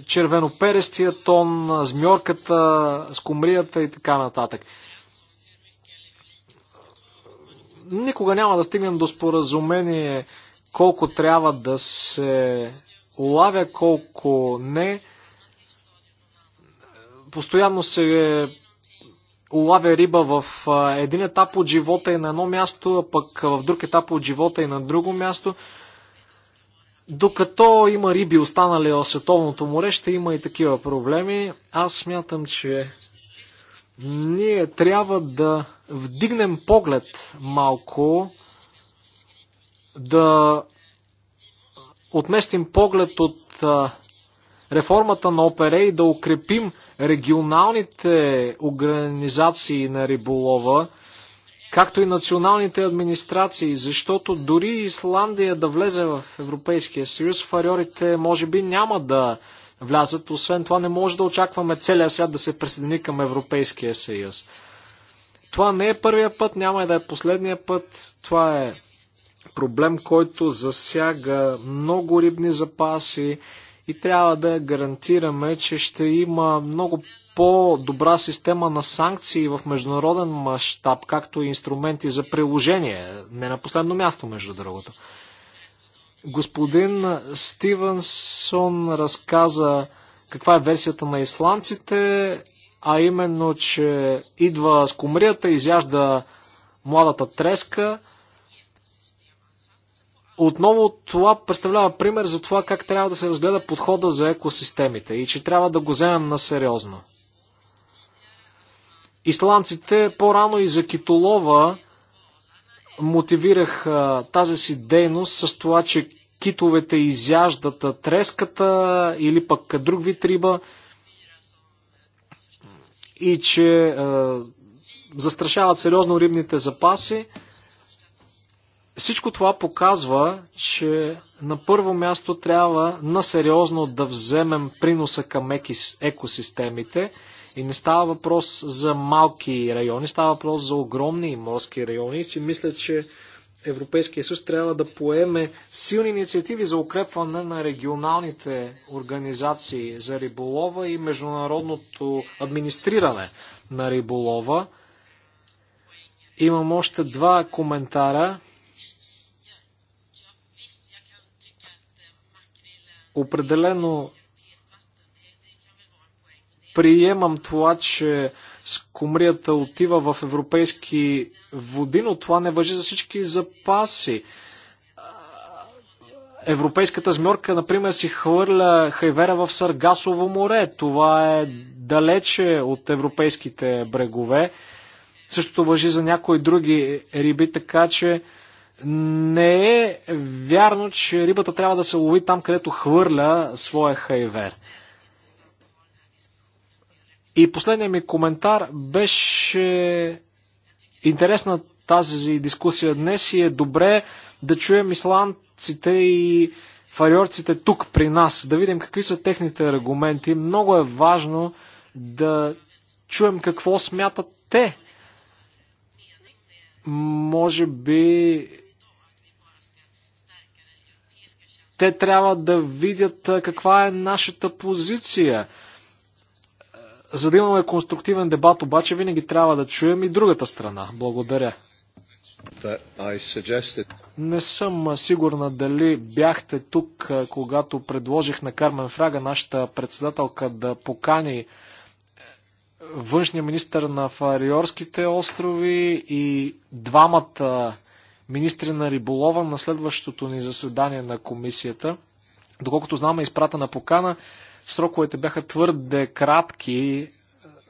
[SPEAKER 1] червеноперестия тон, змьорката, скумрията и така нататък. Никога няма да стигнем до споразумение колко трябва да се улавя, колко не. Постоянно се улавя риба в един етап от живота и на едно място, а пък в друг етап от живота и на друго място. Докато има риби останали в световното море, ще има и такива проблеми. Аз смятам, че ние трябва да вдигнем поглед малко, да отместим поглед от реформата на ОПР и да укрепим регионалните организации на риболова, както и националните администрации, защото дори Исландия да влезе в Европейския съюз, фариорите може би няма да влязат. Освен това не може да очакваме целия свят да се присъедини към Европейския съюз. Това не е първия път, няма и да е последния път. Това е проблем, който засяга много рибни запаси и трябва да гарантираме, че ще има много по-добра система на санкции в международен мащаб, както и инструменти за приложение. Не на последно място, между другото. Господин Стивенсон разказа каква е версията на исландците, а именно, че идва с комрията, изяжда младата треска – отново това представлява пример за това как трябва да се разгледа подхода за екосистемите и че трябва да го вземем на сериозно. Исландците по-рано и за китолова мотивираха тази си дейност с това, че китовете изяждат треската или пък друг вид риба и че е, застрашават сериозно рибните запаси. Всичко това показва, че на първо място трябва насериозно да вземем приноса към екосистемите и не става въпрос за малки райони, става въпрос за огромни морски райони и си мисля, че Европейския съюз трябва да поеме силни инициативи за укрепване на регионалните организации за риболова и международното администриране на риболова. Имам още два коментара. Определено приемам това, че скумрията отива в европейски води, но това не въжи за всички запаси. Европейската змьорка, например, си хвърля хайвера в Саргасово море. Това е далече от европейските брегове. Същото въжи за някои други риби, така че не е вярно, че рибата трябва да се лови там, където хвърля своя хайвер. И последният ми коментар беше интересна тази дискусия днес и е добре да чуем исландците и фариорците тук при нас, да видим какви са техните аргументи. Много е важно да чуем какво смятат те. Може би Те трябва да видят каква е нашата позиция. За да имаме конструктивен дебат, обаче винаги трябва да чуем и другата страна. Благодаря. Не съм сигурна дали бяхте тук, когато предложих на Кармен Фрага, нашата председателка, да покани външния министр на Фариорските острови и двамата министри на риболова на следващото ни заседание на комисията. Доколкото знам е изпратена покана, сроковете бяха твърде кратки е,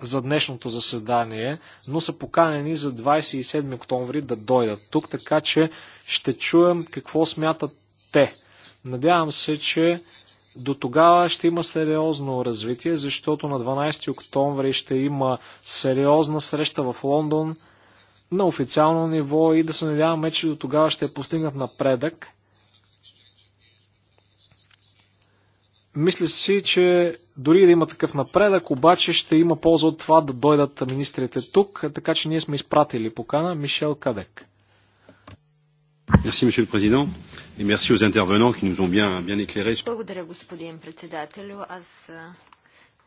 [SPEAKER 1] за днешното заседание, но са поканени за 27 октомври да дойдат тук, така че ще чуем какво смятат те. Надявам се, че до тогава ще има сериозно развитие, защото на 12 октомври ще има сериозна среща в Лондон – на официално ниво и да се надяваме, че до тогава ще е постигнат напредък. Мисля си, че дори да има такъв напредък, обаче ще има полза от това да дойдат министрите тук, така че ние сме изпратили покана Мишел Кадек.
[SPEAKER 3] Merci, Monsieur le Président, merci aux intervenants qui nous ont bien, bien Благодаря, господин председател, Аз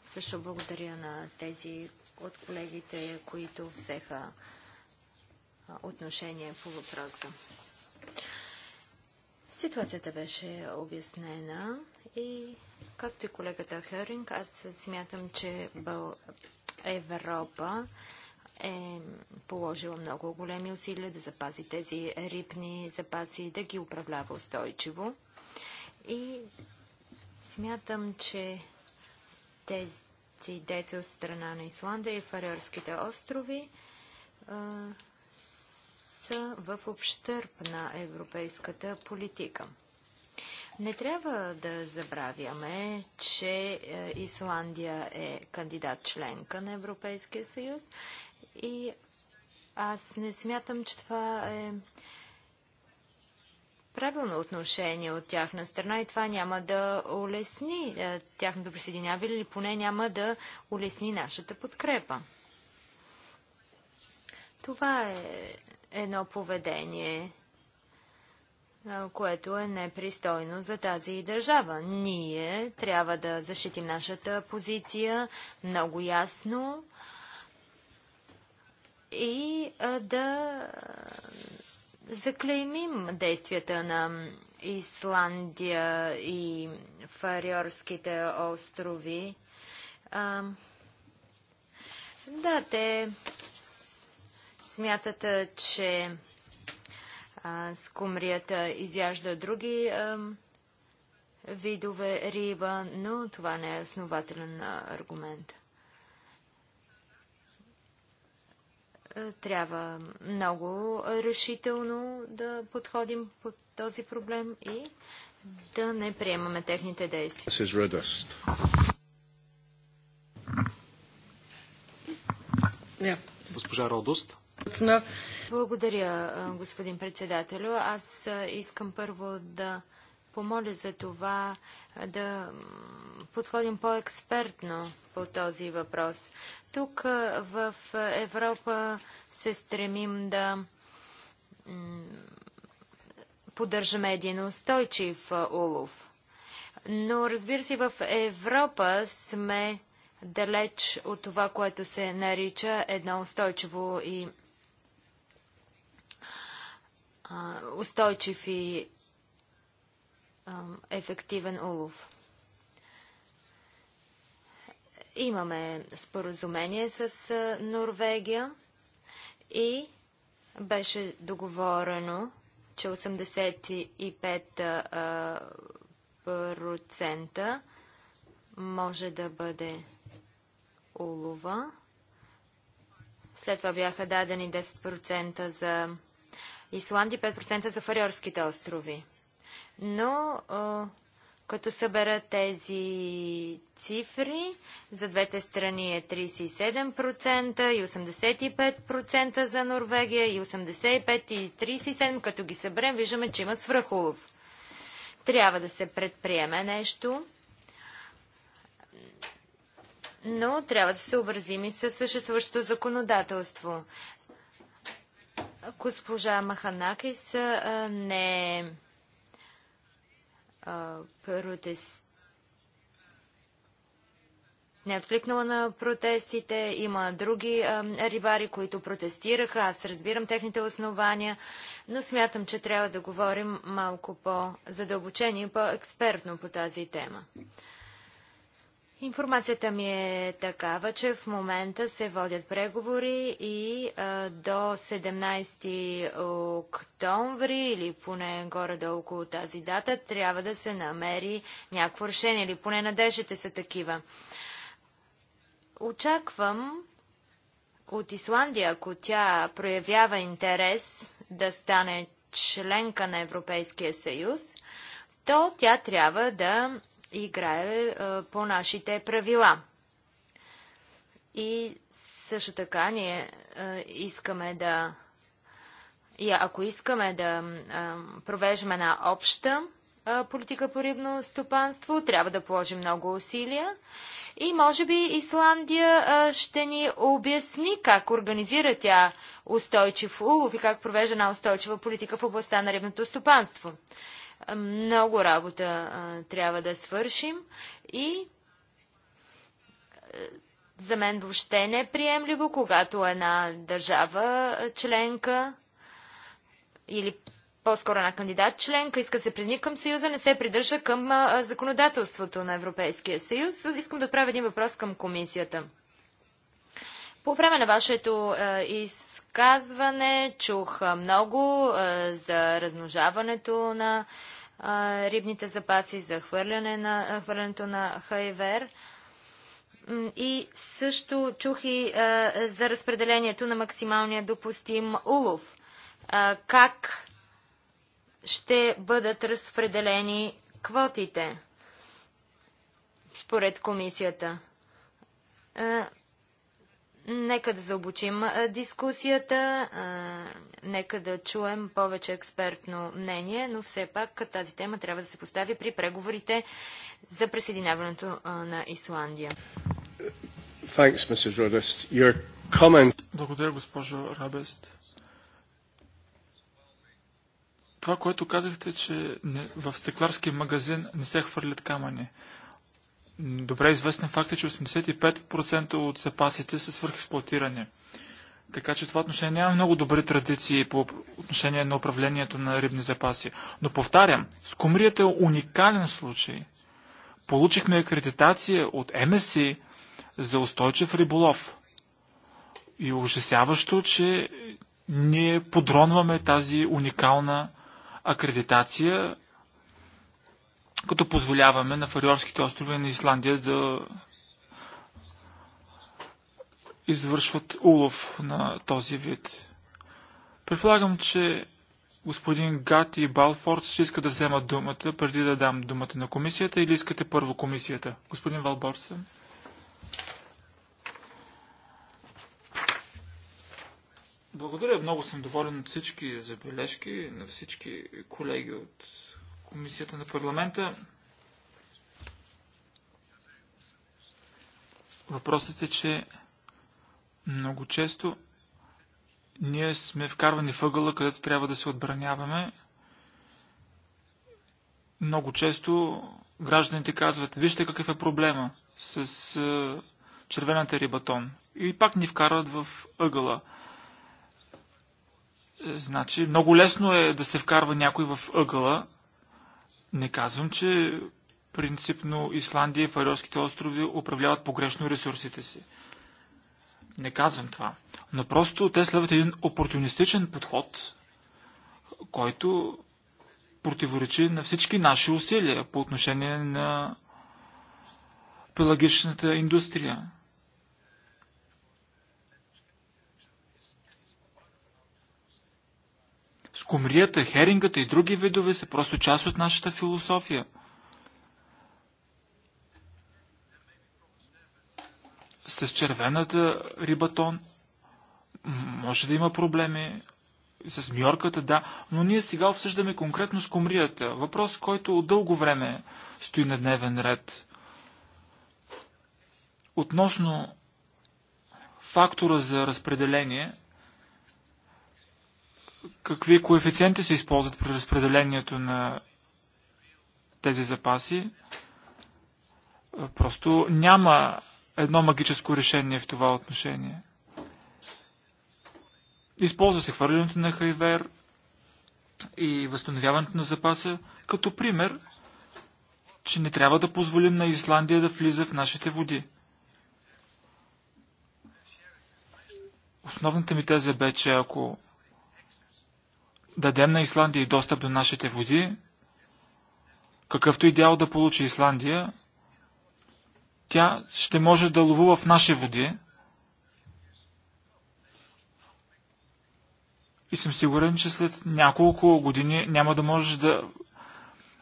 [SPEAKER 3] също благодаря на тези от колегите, които взеха отношение по въпроса. Ситуацията беше обяснена и, както и колегата Херинг, аз смятам, че Бъл... Европа е положила много големи усилия да запази тези рибни запаси, да ги управлява устойчиво. И смятам, че тези действия от страна на Исландия и фариорските острови са в общърп на европейската политика. Не трябва да забравяме, че е, Исландия е кандидат членка на Европейския съюз и аз не смятам, че това е правилно отношение от тяхна страна и това няма да улесни е, тяхното присъединяване или поне няма да улесни нашата подкрепа. Това е едно поведение, което е непристойно за тази държава. Ние трябва да защитим нашата позиция много ясно и да заклеймим действията на Исландия и Фариорските острови. да, те Смятате, че скумрията изяжда други видове риба, но това не е основателен аргумент. Трябва много решително да подходим по този проблем и да не приемаме техните действия.
[SPEAKER 1] Госпожа Родост.
[SPEAKER 3] Благодаря, господин председателю. Аз искам първо да помоля за това да подходим по-експертно по този въпрос. Тук в Европа се стремим да поддържаме един устойчив улов. Но разбира се, в Европа сме далеч от това, което се нарича едно устойчиво и устойчив и ефективен улов. Имаме споразумение с Норвегия и беше договорено, че 85% може да бъде улова. След това бяха дадени 10% за Исландия, 5% за Фариорските острови. Но като събера тези цифри, за двете страни е 37% и 85% за Норвегия и 85% и 37%. Като ги съберем, виждаме, че има свръхулов. Трябва да се предприеме нещо, но трябва да се образим и със съществуващото законодателство. Госпожа Маханакис не протест... не е откликнала на протестите. Има други а, рибари, които протестираха. Аз разбирам техните основания, но смятам, че трябва да говорим малко по-задълбочени и по-експертно по тази тема. Информацията ми е такава, че в момента се водят преговори и а, до 17 октомври или поне горе до около тази дата трябва да се намери някакво решение или поне надеждите са такива. Очаквам от Исландия, ако тя проявява интерес да стане членка на Европейския съюз, то тя трябва да играе е, по нашите правила. И също така ние е, искаме да и ако искаме да е, провеждаме една обща политика по рибно стопанство, трябва да положим много усилия. И може би Исландия ще ни обясни как организира тя устойчив улов и как провежда една устойчива политика в областта на рибното стопанство. Много работа а, трябва да свършим и за мен въобще не е приемливо, когато една държава членка или по-скоро една кандидат членка иска се призни към Съюза, не се придържа към а, законодателството на Европейския съюз. Искам да отправя един въпрос към комисията. По време на вашето а, из изказване чух много за размножаването на рибните запаси, за хвърляне на, хвърлянето на хайвер. И също чух и за разпределението на максималния допустим улов. Как ще бъдат разпределени квотите според комисията? Нека да заобучим дискусията, нека да чуем повече експертно мнение, но все пак тази тема трябва да се постави при преговорите за присъединяването на Исландия. Thanks, comment...
[SPEAKER 2] Благодаря, госпожо Рабест. Това, което казахте, че в стекларски магазин не се хвърлят камъни. Добре известен факт е, че 85% от запасите са свърхексплуатирани. Така че в това отношение няма много добри традиции по отношение на управлението на рибни запаси. Но повтарям, скумрията е уникален случай. Получихме акредитация от МСИ за устойчив риболов. И ужасяващо, че ние подронваме тази уникална акредитация като позволяваме на Фариорските острови на Исландия да извършват улов на този вид. Предполагам, че господин Гат и Балфорд ще искат да вземат думата преди да дам думата на комисията или искате първо комисията? Господин Валборсен. Благодаря, много съм доволен от всички забележки, на всички колеги от комисията на парламента. Въпросът е, че много често ние сме вкарвани въгъла, където трябва да се отбраняваме. Много често гражданите казват, вижте какъв е проблема с е, червената рибатон. И пак ни вкарват в ъгъла. Е, значи, много лесно е да се вкарва някой в ъгъла, не казвам, че принципно Исландия и Файорските острови управляват погрешно ресурсите си. Не казвам това. Но просто те следват един опортунистичен подход, който противоречи на всички наши усилия по отношение на пелагичната индустрия. Скумрията, херингата и други видове са просто част от нашата философия. С червената рибатон може да има проблеми, с мьорката, да, но ние сега обсъждаме конкретно с комрията. Въпрос, който от дълго време стои на дневен ред. Относно фактора за разпределение – какви коефициенти се използват при разпределението на тези запаси. Просто няма едно магическо решение в това отношение. Използва се хвърлянето на хайвер и възстановяването на запаса като пример, че не трябва да позволим на Исландия да влиза в нашите води. Основната ми теза бе, че ако дадем на Исландия и достъп до нашите води, какъвто идеал да получи Исландия, тя ще може да ловува в наши води. И съм сигурен, че след няколко години няма да можеш да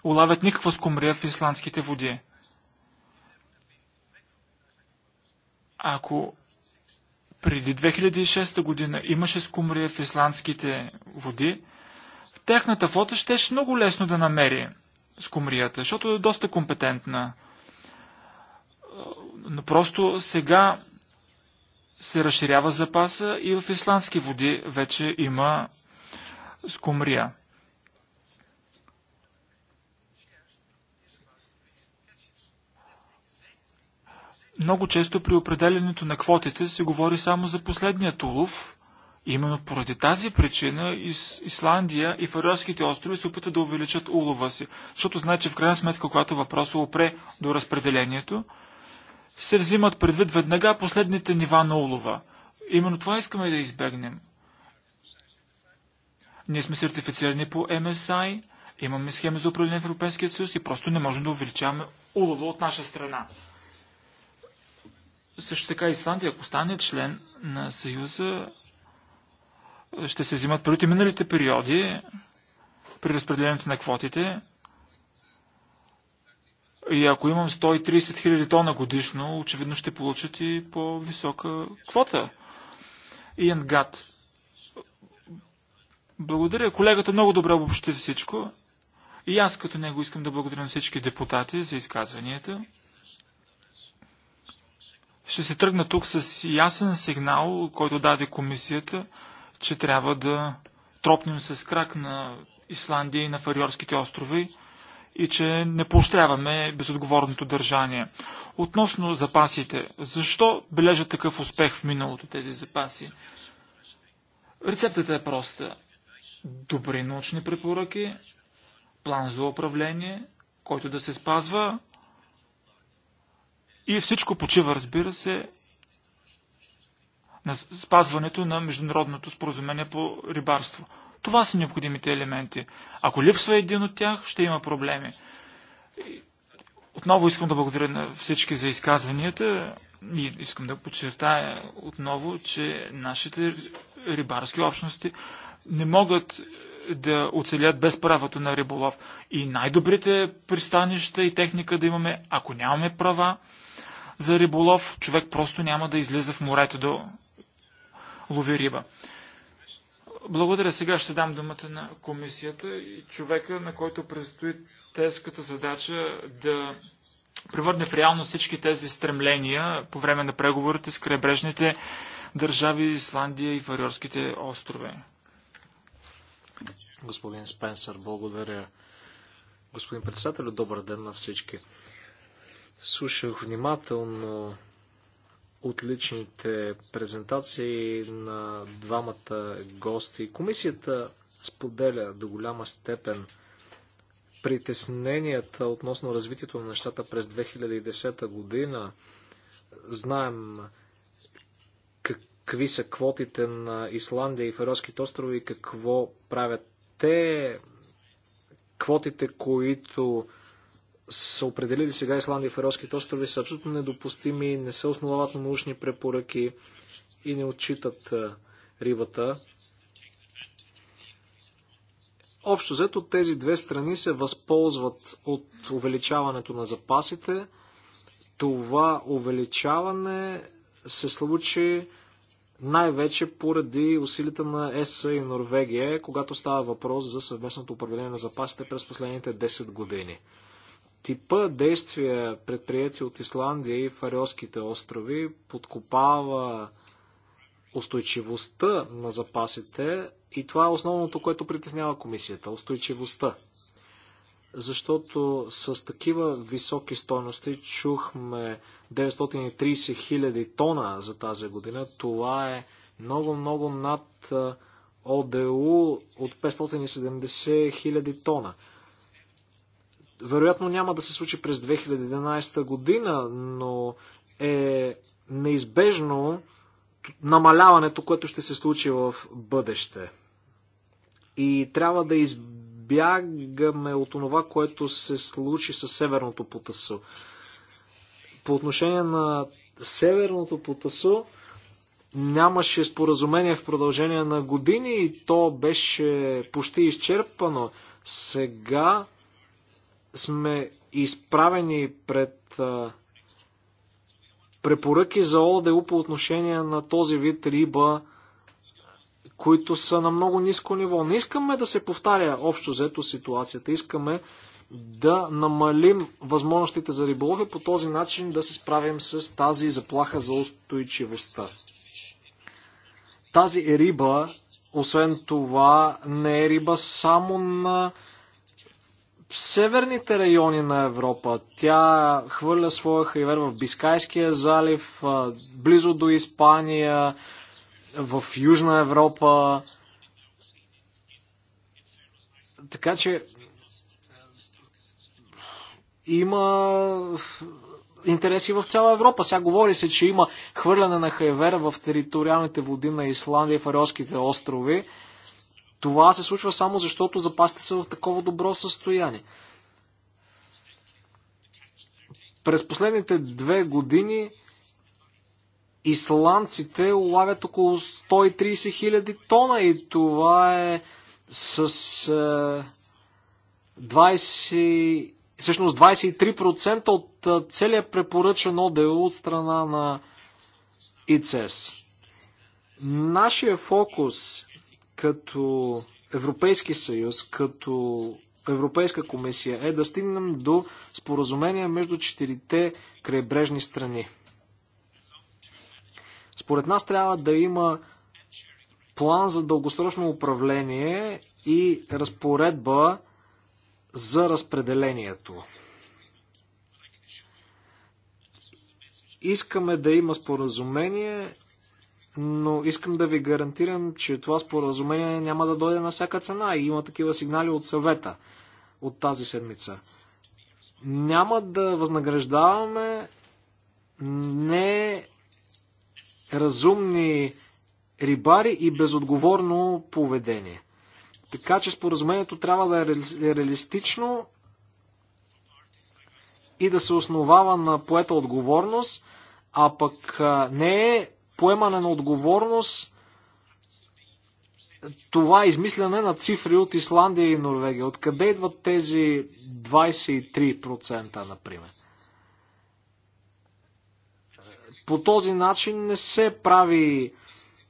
[SPEAKER 2] улавят никаква скумрия в исландските води. Ако преди 2006 година имаше скумрия в исландските води, Техната флота ще много лесно да намери скумрията, защото е доста компетентна. Но просто сега се разширява запаса и в исландски води вече има скумрия. Много често при определенето на квотите се говори само за последния улов, Именно поради тази причина Исландия и Фариорските острови се опитват да увеличат улова си, защото знае, че в крайна сметка, когато въпросът опре до разпределението, се взимат предвид веднага последните нива на улова. Именно това искаме да избегнем. Ние сме сертифицирани по MSI, имаме схеми за управление в Европейския съюз и просто не можем да увеличаваме улова от наша страна. Също така Исландия, ако стане член на Съюза, ще се взимат преди миналите периоди при разпределението на квотите. И ако имам 130 000 тона годишно, очевидно ще получат и по-висока квота. Иен Гат. Благодаря. Колегата много добре обобщи всичко. И аз като него искам да благодаря на всички депутати за изказванията. Ще се тръгна тук с ясен сигнал, който даде комисията – че трябва да тропнем с крак на Исландия и на Фариорските острови и че не поощряваме безотговорното държание. Относно запасите, защо бележат такъв успех в миналото тези запаси? Рецептата е проста. Добри научни препоръки, план за управление, който да се спазва и всичко почива, разбира се, на спазването на международното споразумение по рибарство. Това са необходимите елементи. Ако липсва един от тях, ще има проблеми. Отново искам да благодаря на всички за изказванията и искам да подчертая отново, че нашите рибарски общности не могат да оцелят без правото на риболов. И най-добрите пристанища и техника да имаме, ако нямаме права за риболов, човек просто няма да излиза в морето до лови риба. Благодаря. Сега ще дам думата на комисията и човека, на който предстои тезката задача да превърне в реално всички тези стремления по време на преговорите с крайбрежните държави Исландия и Фариорските острове.
[SPEAKER 1] Господин Спенсър, благодаря. Господин председател, добър ден на всички. Слушах внимателно отличните презентации на двамата гости. Комисията споделя до голяма степен притесненията относно развитието на нещата през 2010 година. Знаем какви са квотите на Исландия и Фарерските острови, какво правят те, квотите, които са определили сега Исландия и Фаровските острови са абсолютно недопустими, не се основават на научни препоръки и не отчитат рибата. Общо взето тези две страни се възползват от увеличаването на запасите. Това увеличаване се случи най-вече поради усилите на ЕС и Норвегия, когато става въпрос за съвместното управление на запасите през последните 10 години типа действия, предприяти от Исландия и Фариоските острови, подкопава устойчивостта на запасите и това е основното, което притеснява комисията – устойчивостта. Защото с такива високи стойности чухме 930 000 тона за тази година. Това е много-много над ОДУ от 570 000 тона – вероятно няма да се случи през 2011 година, но е неизбежно намаляването, което ще се случи в бъдеще. И трябва да избягаме от това, което се случи със северното потасо. По отношение на северното потасо, нямаше споразумение в продължение на години и то беше почти изчерпано. Сега сме изправени пред препоръки за ОДУ по отношение на този вид риба, които са на много ниско ниво. Не искаме да се повтаря общо взето ситуацията. Искаме да намалим възможностите за риболов и по този начин да се справим с тази заплаха за устойчивостта. Тази риба, освен това, не е риба само на северните райони на Европа. Тя хвърля своя хайвер в Бискайския залив, близо до Испания, в Южна Европа. Така че има интереси в цяла Европа. Сега говори се, че има хвърляне на хайвер в териториалните води на Исландия и Фарерските острови. Това се случва само защото запасите са в такова добро състояние. През последните две години исландците улавят около 130 хиляди тона и това е с 20, е, всъщност 23% от е, целият препоръчен ОДО от страна на ИЦЕС. Нашия фокус като Европейски съюз, като Европейска комисия е да стигнем до споразумение между четирите крайбрежни страни. Според нас трябва да има план за дългосрочно управление и разпоредба за разпределението. Искаме да има споразумение но искам да ви гарантирам, че това споразумение няма да дойде на всяка цена и има такива сигнали от съвета от тази седмица. Няма да възнаграждаваме не разумни рибари и безотговорно поведение. Така че споразумението трябва да е реалистично и да се основава на поета отговорност, а пък не е поемане на отговорност, това е измисляне на цифри от Исландия и Норвегия. Откъде идват тези 23%, например? По този начин не се прави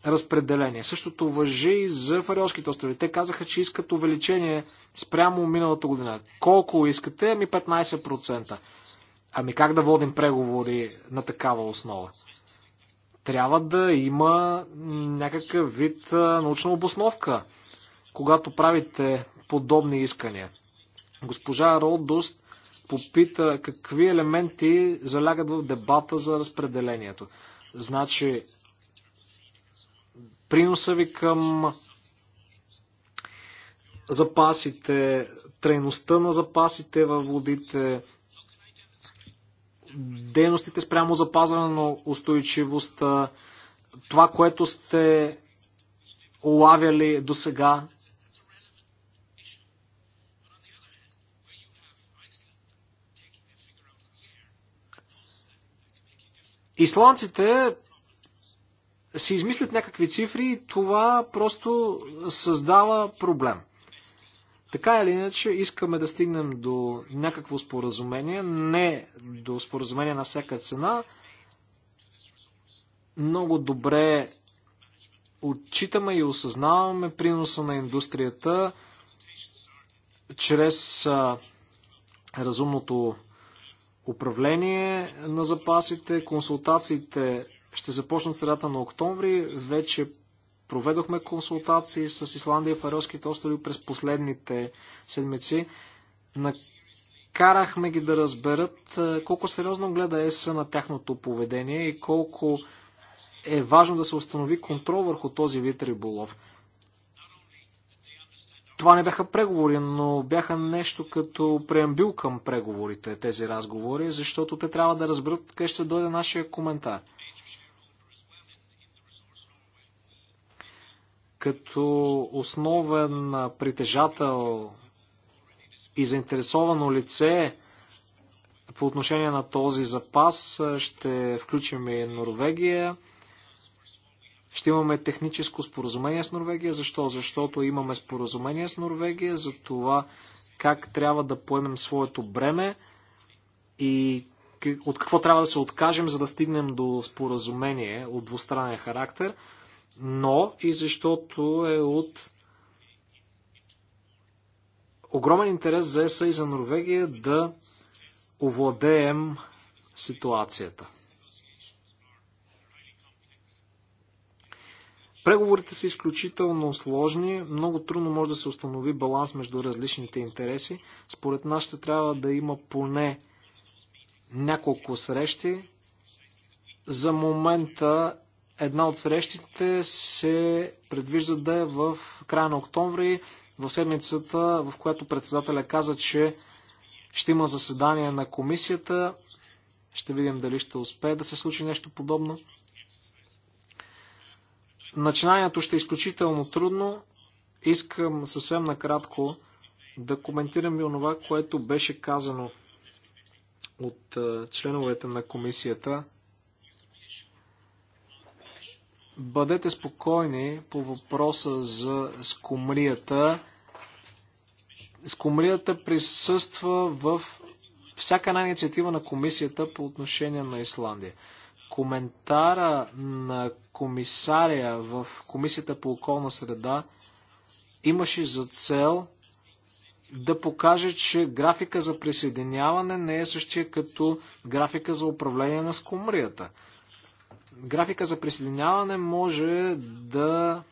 [SPEAKER 1] разпределение. Същото въжи и за Фариоските острови. Те казаха, че искат увеличение спрямо миналата година. Колко искате? Ами 15%. Ами как да водим преговори на такава основа? трябва да има някакъв вид научна обосновка, когато правите подобни искания. Госпожа Родост попита какви елементи залягат в дебата за разпределението. Значи, приноса ви към запасите, трайността на запасите във водите, дейностите спрямо запазване на устойчивостта, това, което сте улавяли до сега. Исландците си измислят някакви цифри и това просто създава проблем – така или иначе искаме да стигнем до някакво споразумение, не до споразумение на всяка цена. Много добре отчитаме и осъзнаваме приноса на индустрията чрез разумното управление на запасите, консултациите ще започнат средата на октомври. Вече Проведохме консултации с Исландия и Фарелските острови през последните седмици. Накарахме ги да разберат е, колко сериозно гледа ЕС на тяхното поведение и колко е важно да се установи контрол върху този вид риболов. Това не бяха преговори, но бяха нещо като преамбил към преговорите, тези разговори, защото те трябва да разберат къде ще дойде нашия коментар. като основен притежател и заинтересовано лице по отношение на този запас ще включим и Норвегия. Ще имаме техническо споразумение с Норвегия. Защо? Защото имаме споразумение с Норвегия за това как трябва да поемем своето бреме и от какво трябва да се откажем, за да стигнем до споразумение от двустранен характер но и защото е от огромен интерес за ЕСА и за Норвегия да овладеем ситуацията. Преговорите са изключително сложни, много трудно може да се установи баланс между различните интереси. Според нас ще трябва да има поне няколко срещи. За момента Една от срещите се предвижда да е в края на октомври, в седмицата, в която председателя каза, че ще има заседание на комисията. Ще видим дали ще успее да се случи нещо подобно. Начинанието ще е изключително трудно. Искам съвсем накратко да коментирам и онова, което беше казано от членовете на комисията. Бъдете спокойни по въпроса за скумрията. Скумрията присъства в всяка една инициатива на комисията по отношение на Исландия. Коментара на комисаря в Комисията по околна среда имаше за цел да покаже, че графика за присъединяване не е същия като графика за управление на скумрията графика за присъединяване може да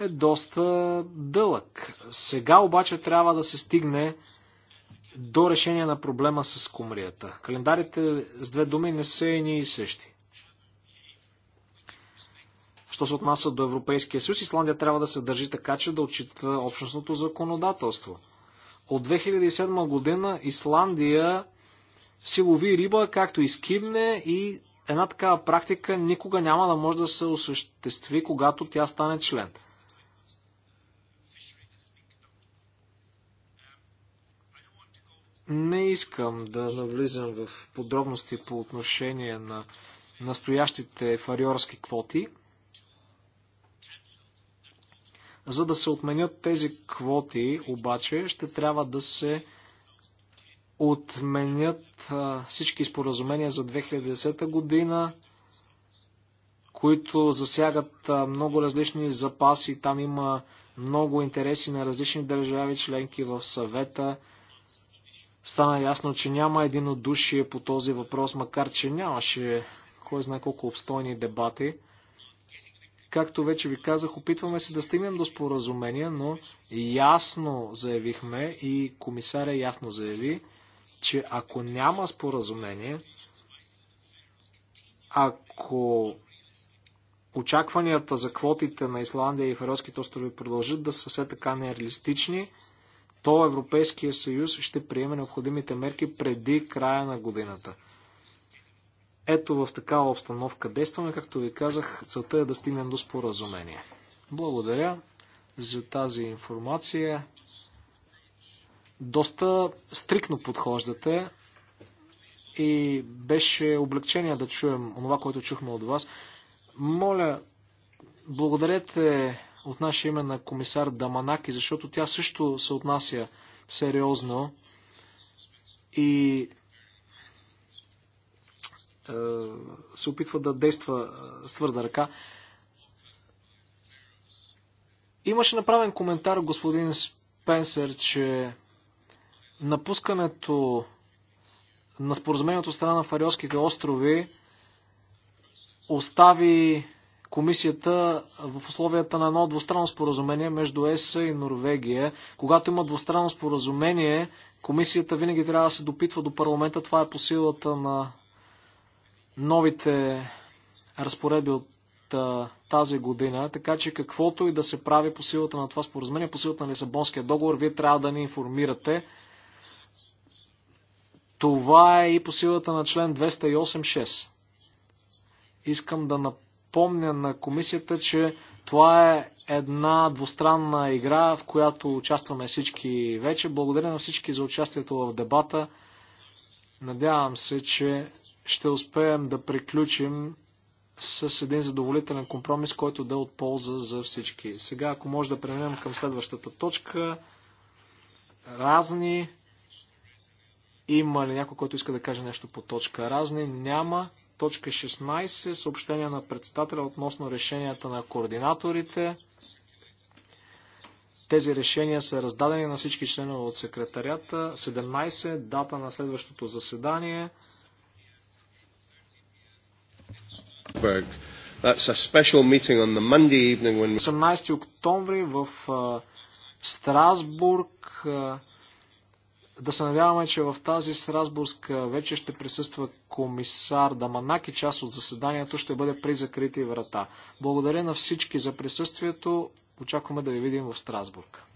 [SPEAKER 1] е доста дълъг. Сега обаче трябва да се стигне до решение на проблема с кумрията. Календарите с две думи не са едни и същи. Що се отнася до Европейския съюз, Исландия трябва да се държи така, че да отчита общностното законодателство. От 2007 година Исландия силови риба, както и скибне и една такава практика никога няма да може да се осъществи, когато тя стане член. Не искам да навлизам в подробности по отношение на настоящите фариорски квоти. За да се отменят тези квоти, обаче, ще трябва да се отменят всички споразумения за 2010 година, които засягат много различни запаси. Там има много интереси на различни държави, членки в съвета. Стана ясно, че няма единодушие по този въпрос, макар че нямаше кой знае колко обстойни дебати. Както вече ви казах, опитваме се да стигнем до споразумение, но ясно заявихме и комисаря ясно заяви, че ако няма споразумение, ако очакванията за квотите на Исландия и Феройските острови продължат да са все така нереалистични, то Европейския съюз ще приеме необходимите мерки преди края на годината. Ето в такава обстановка действаме. Както ви казах, целта е да стигнем до споразумение. Благодаря за тази информация. Доста стрикно подхождате и беше облегчение да чуем това, което чухме от вас. Моля, благодарете от наше име на комисар Даманаки, защото тя също се отнася сериозно и е, се опитва да действа е, с твърда ръка. Имаше направен коментар господин Спенсер, че Напускането на споразумението страна на Фариоските острови остави комисията в условията на едно двустранно споразумение между ЕС и Норвегия. Когато има двустранно споразумение, комисията винаги трябва да се допитва до парламента. Това е по силата на новите разпоредби от тази година. Така че каквото и да се прави по силата на това споразумение, по силата на Лисабонския договор, вие трябва да ни информирате. Това е и по силата на член 208.6. Искам да напомня на комисията, че това е една двустранна игра, в която участваме всички вече. Благодаря на всички за участието в дебата. Надявам се, че ще успеем да приключим с един задоволителен компромис, който да е от полза за всички. Сега, ако може да преминем към следващата точка, разни има ли някой, който иска да каже нещо по точка разни? Няма. Точка 16. Съобщение на председателя относно решенията на координаторите. Тези решения са раздадени на всички членове от секретарята. 17. Дата на следващото заседание.
[SPEAKER 3] That's a special meeting on the Monday evening when...
[SPEAKER 1] 18 октомври в Страсбург. Uh, да се надяваме, че в тази Страсбургска вече ще присъства комисар Даманак и част от заседанието ще бъде при закрити врата. Благодаря на всички за присъствието. Очакваме да ви видим в Страсбург.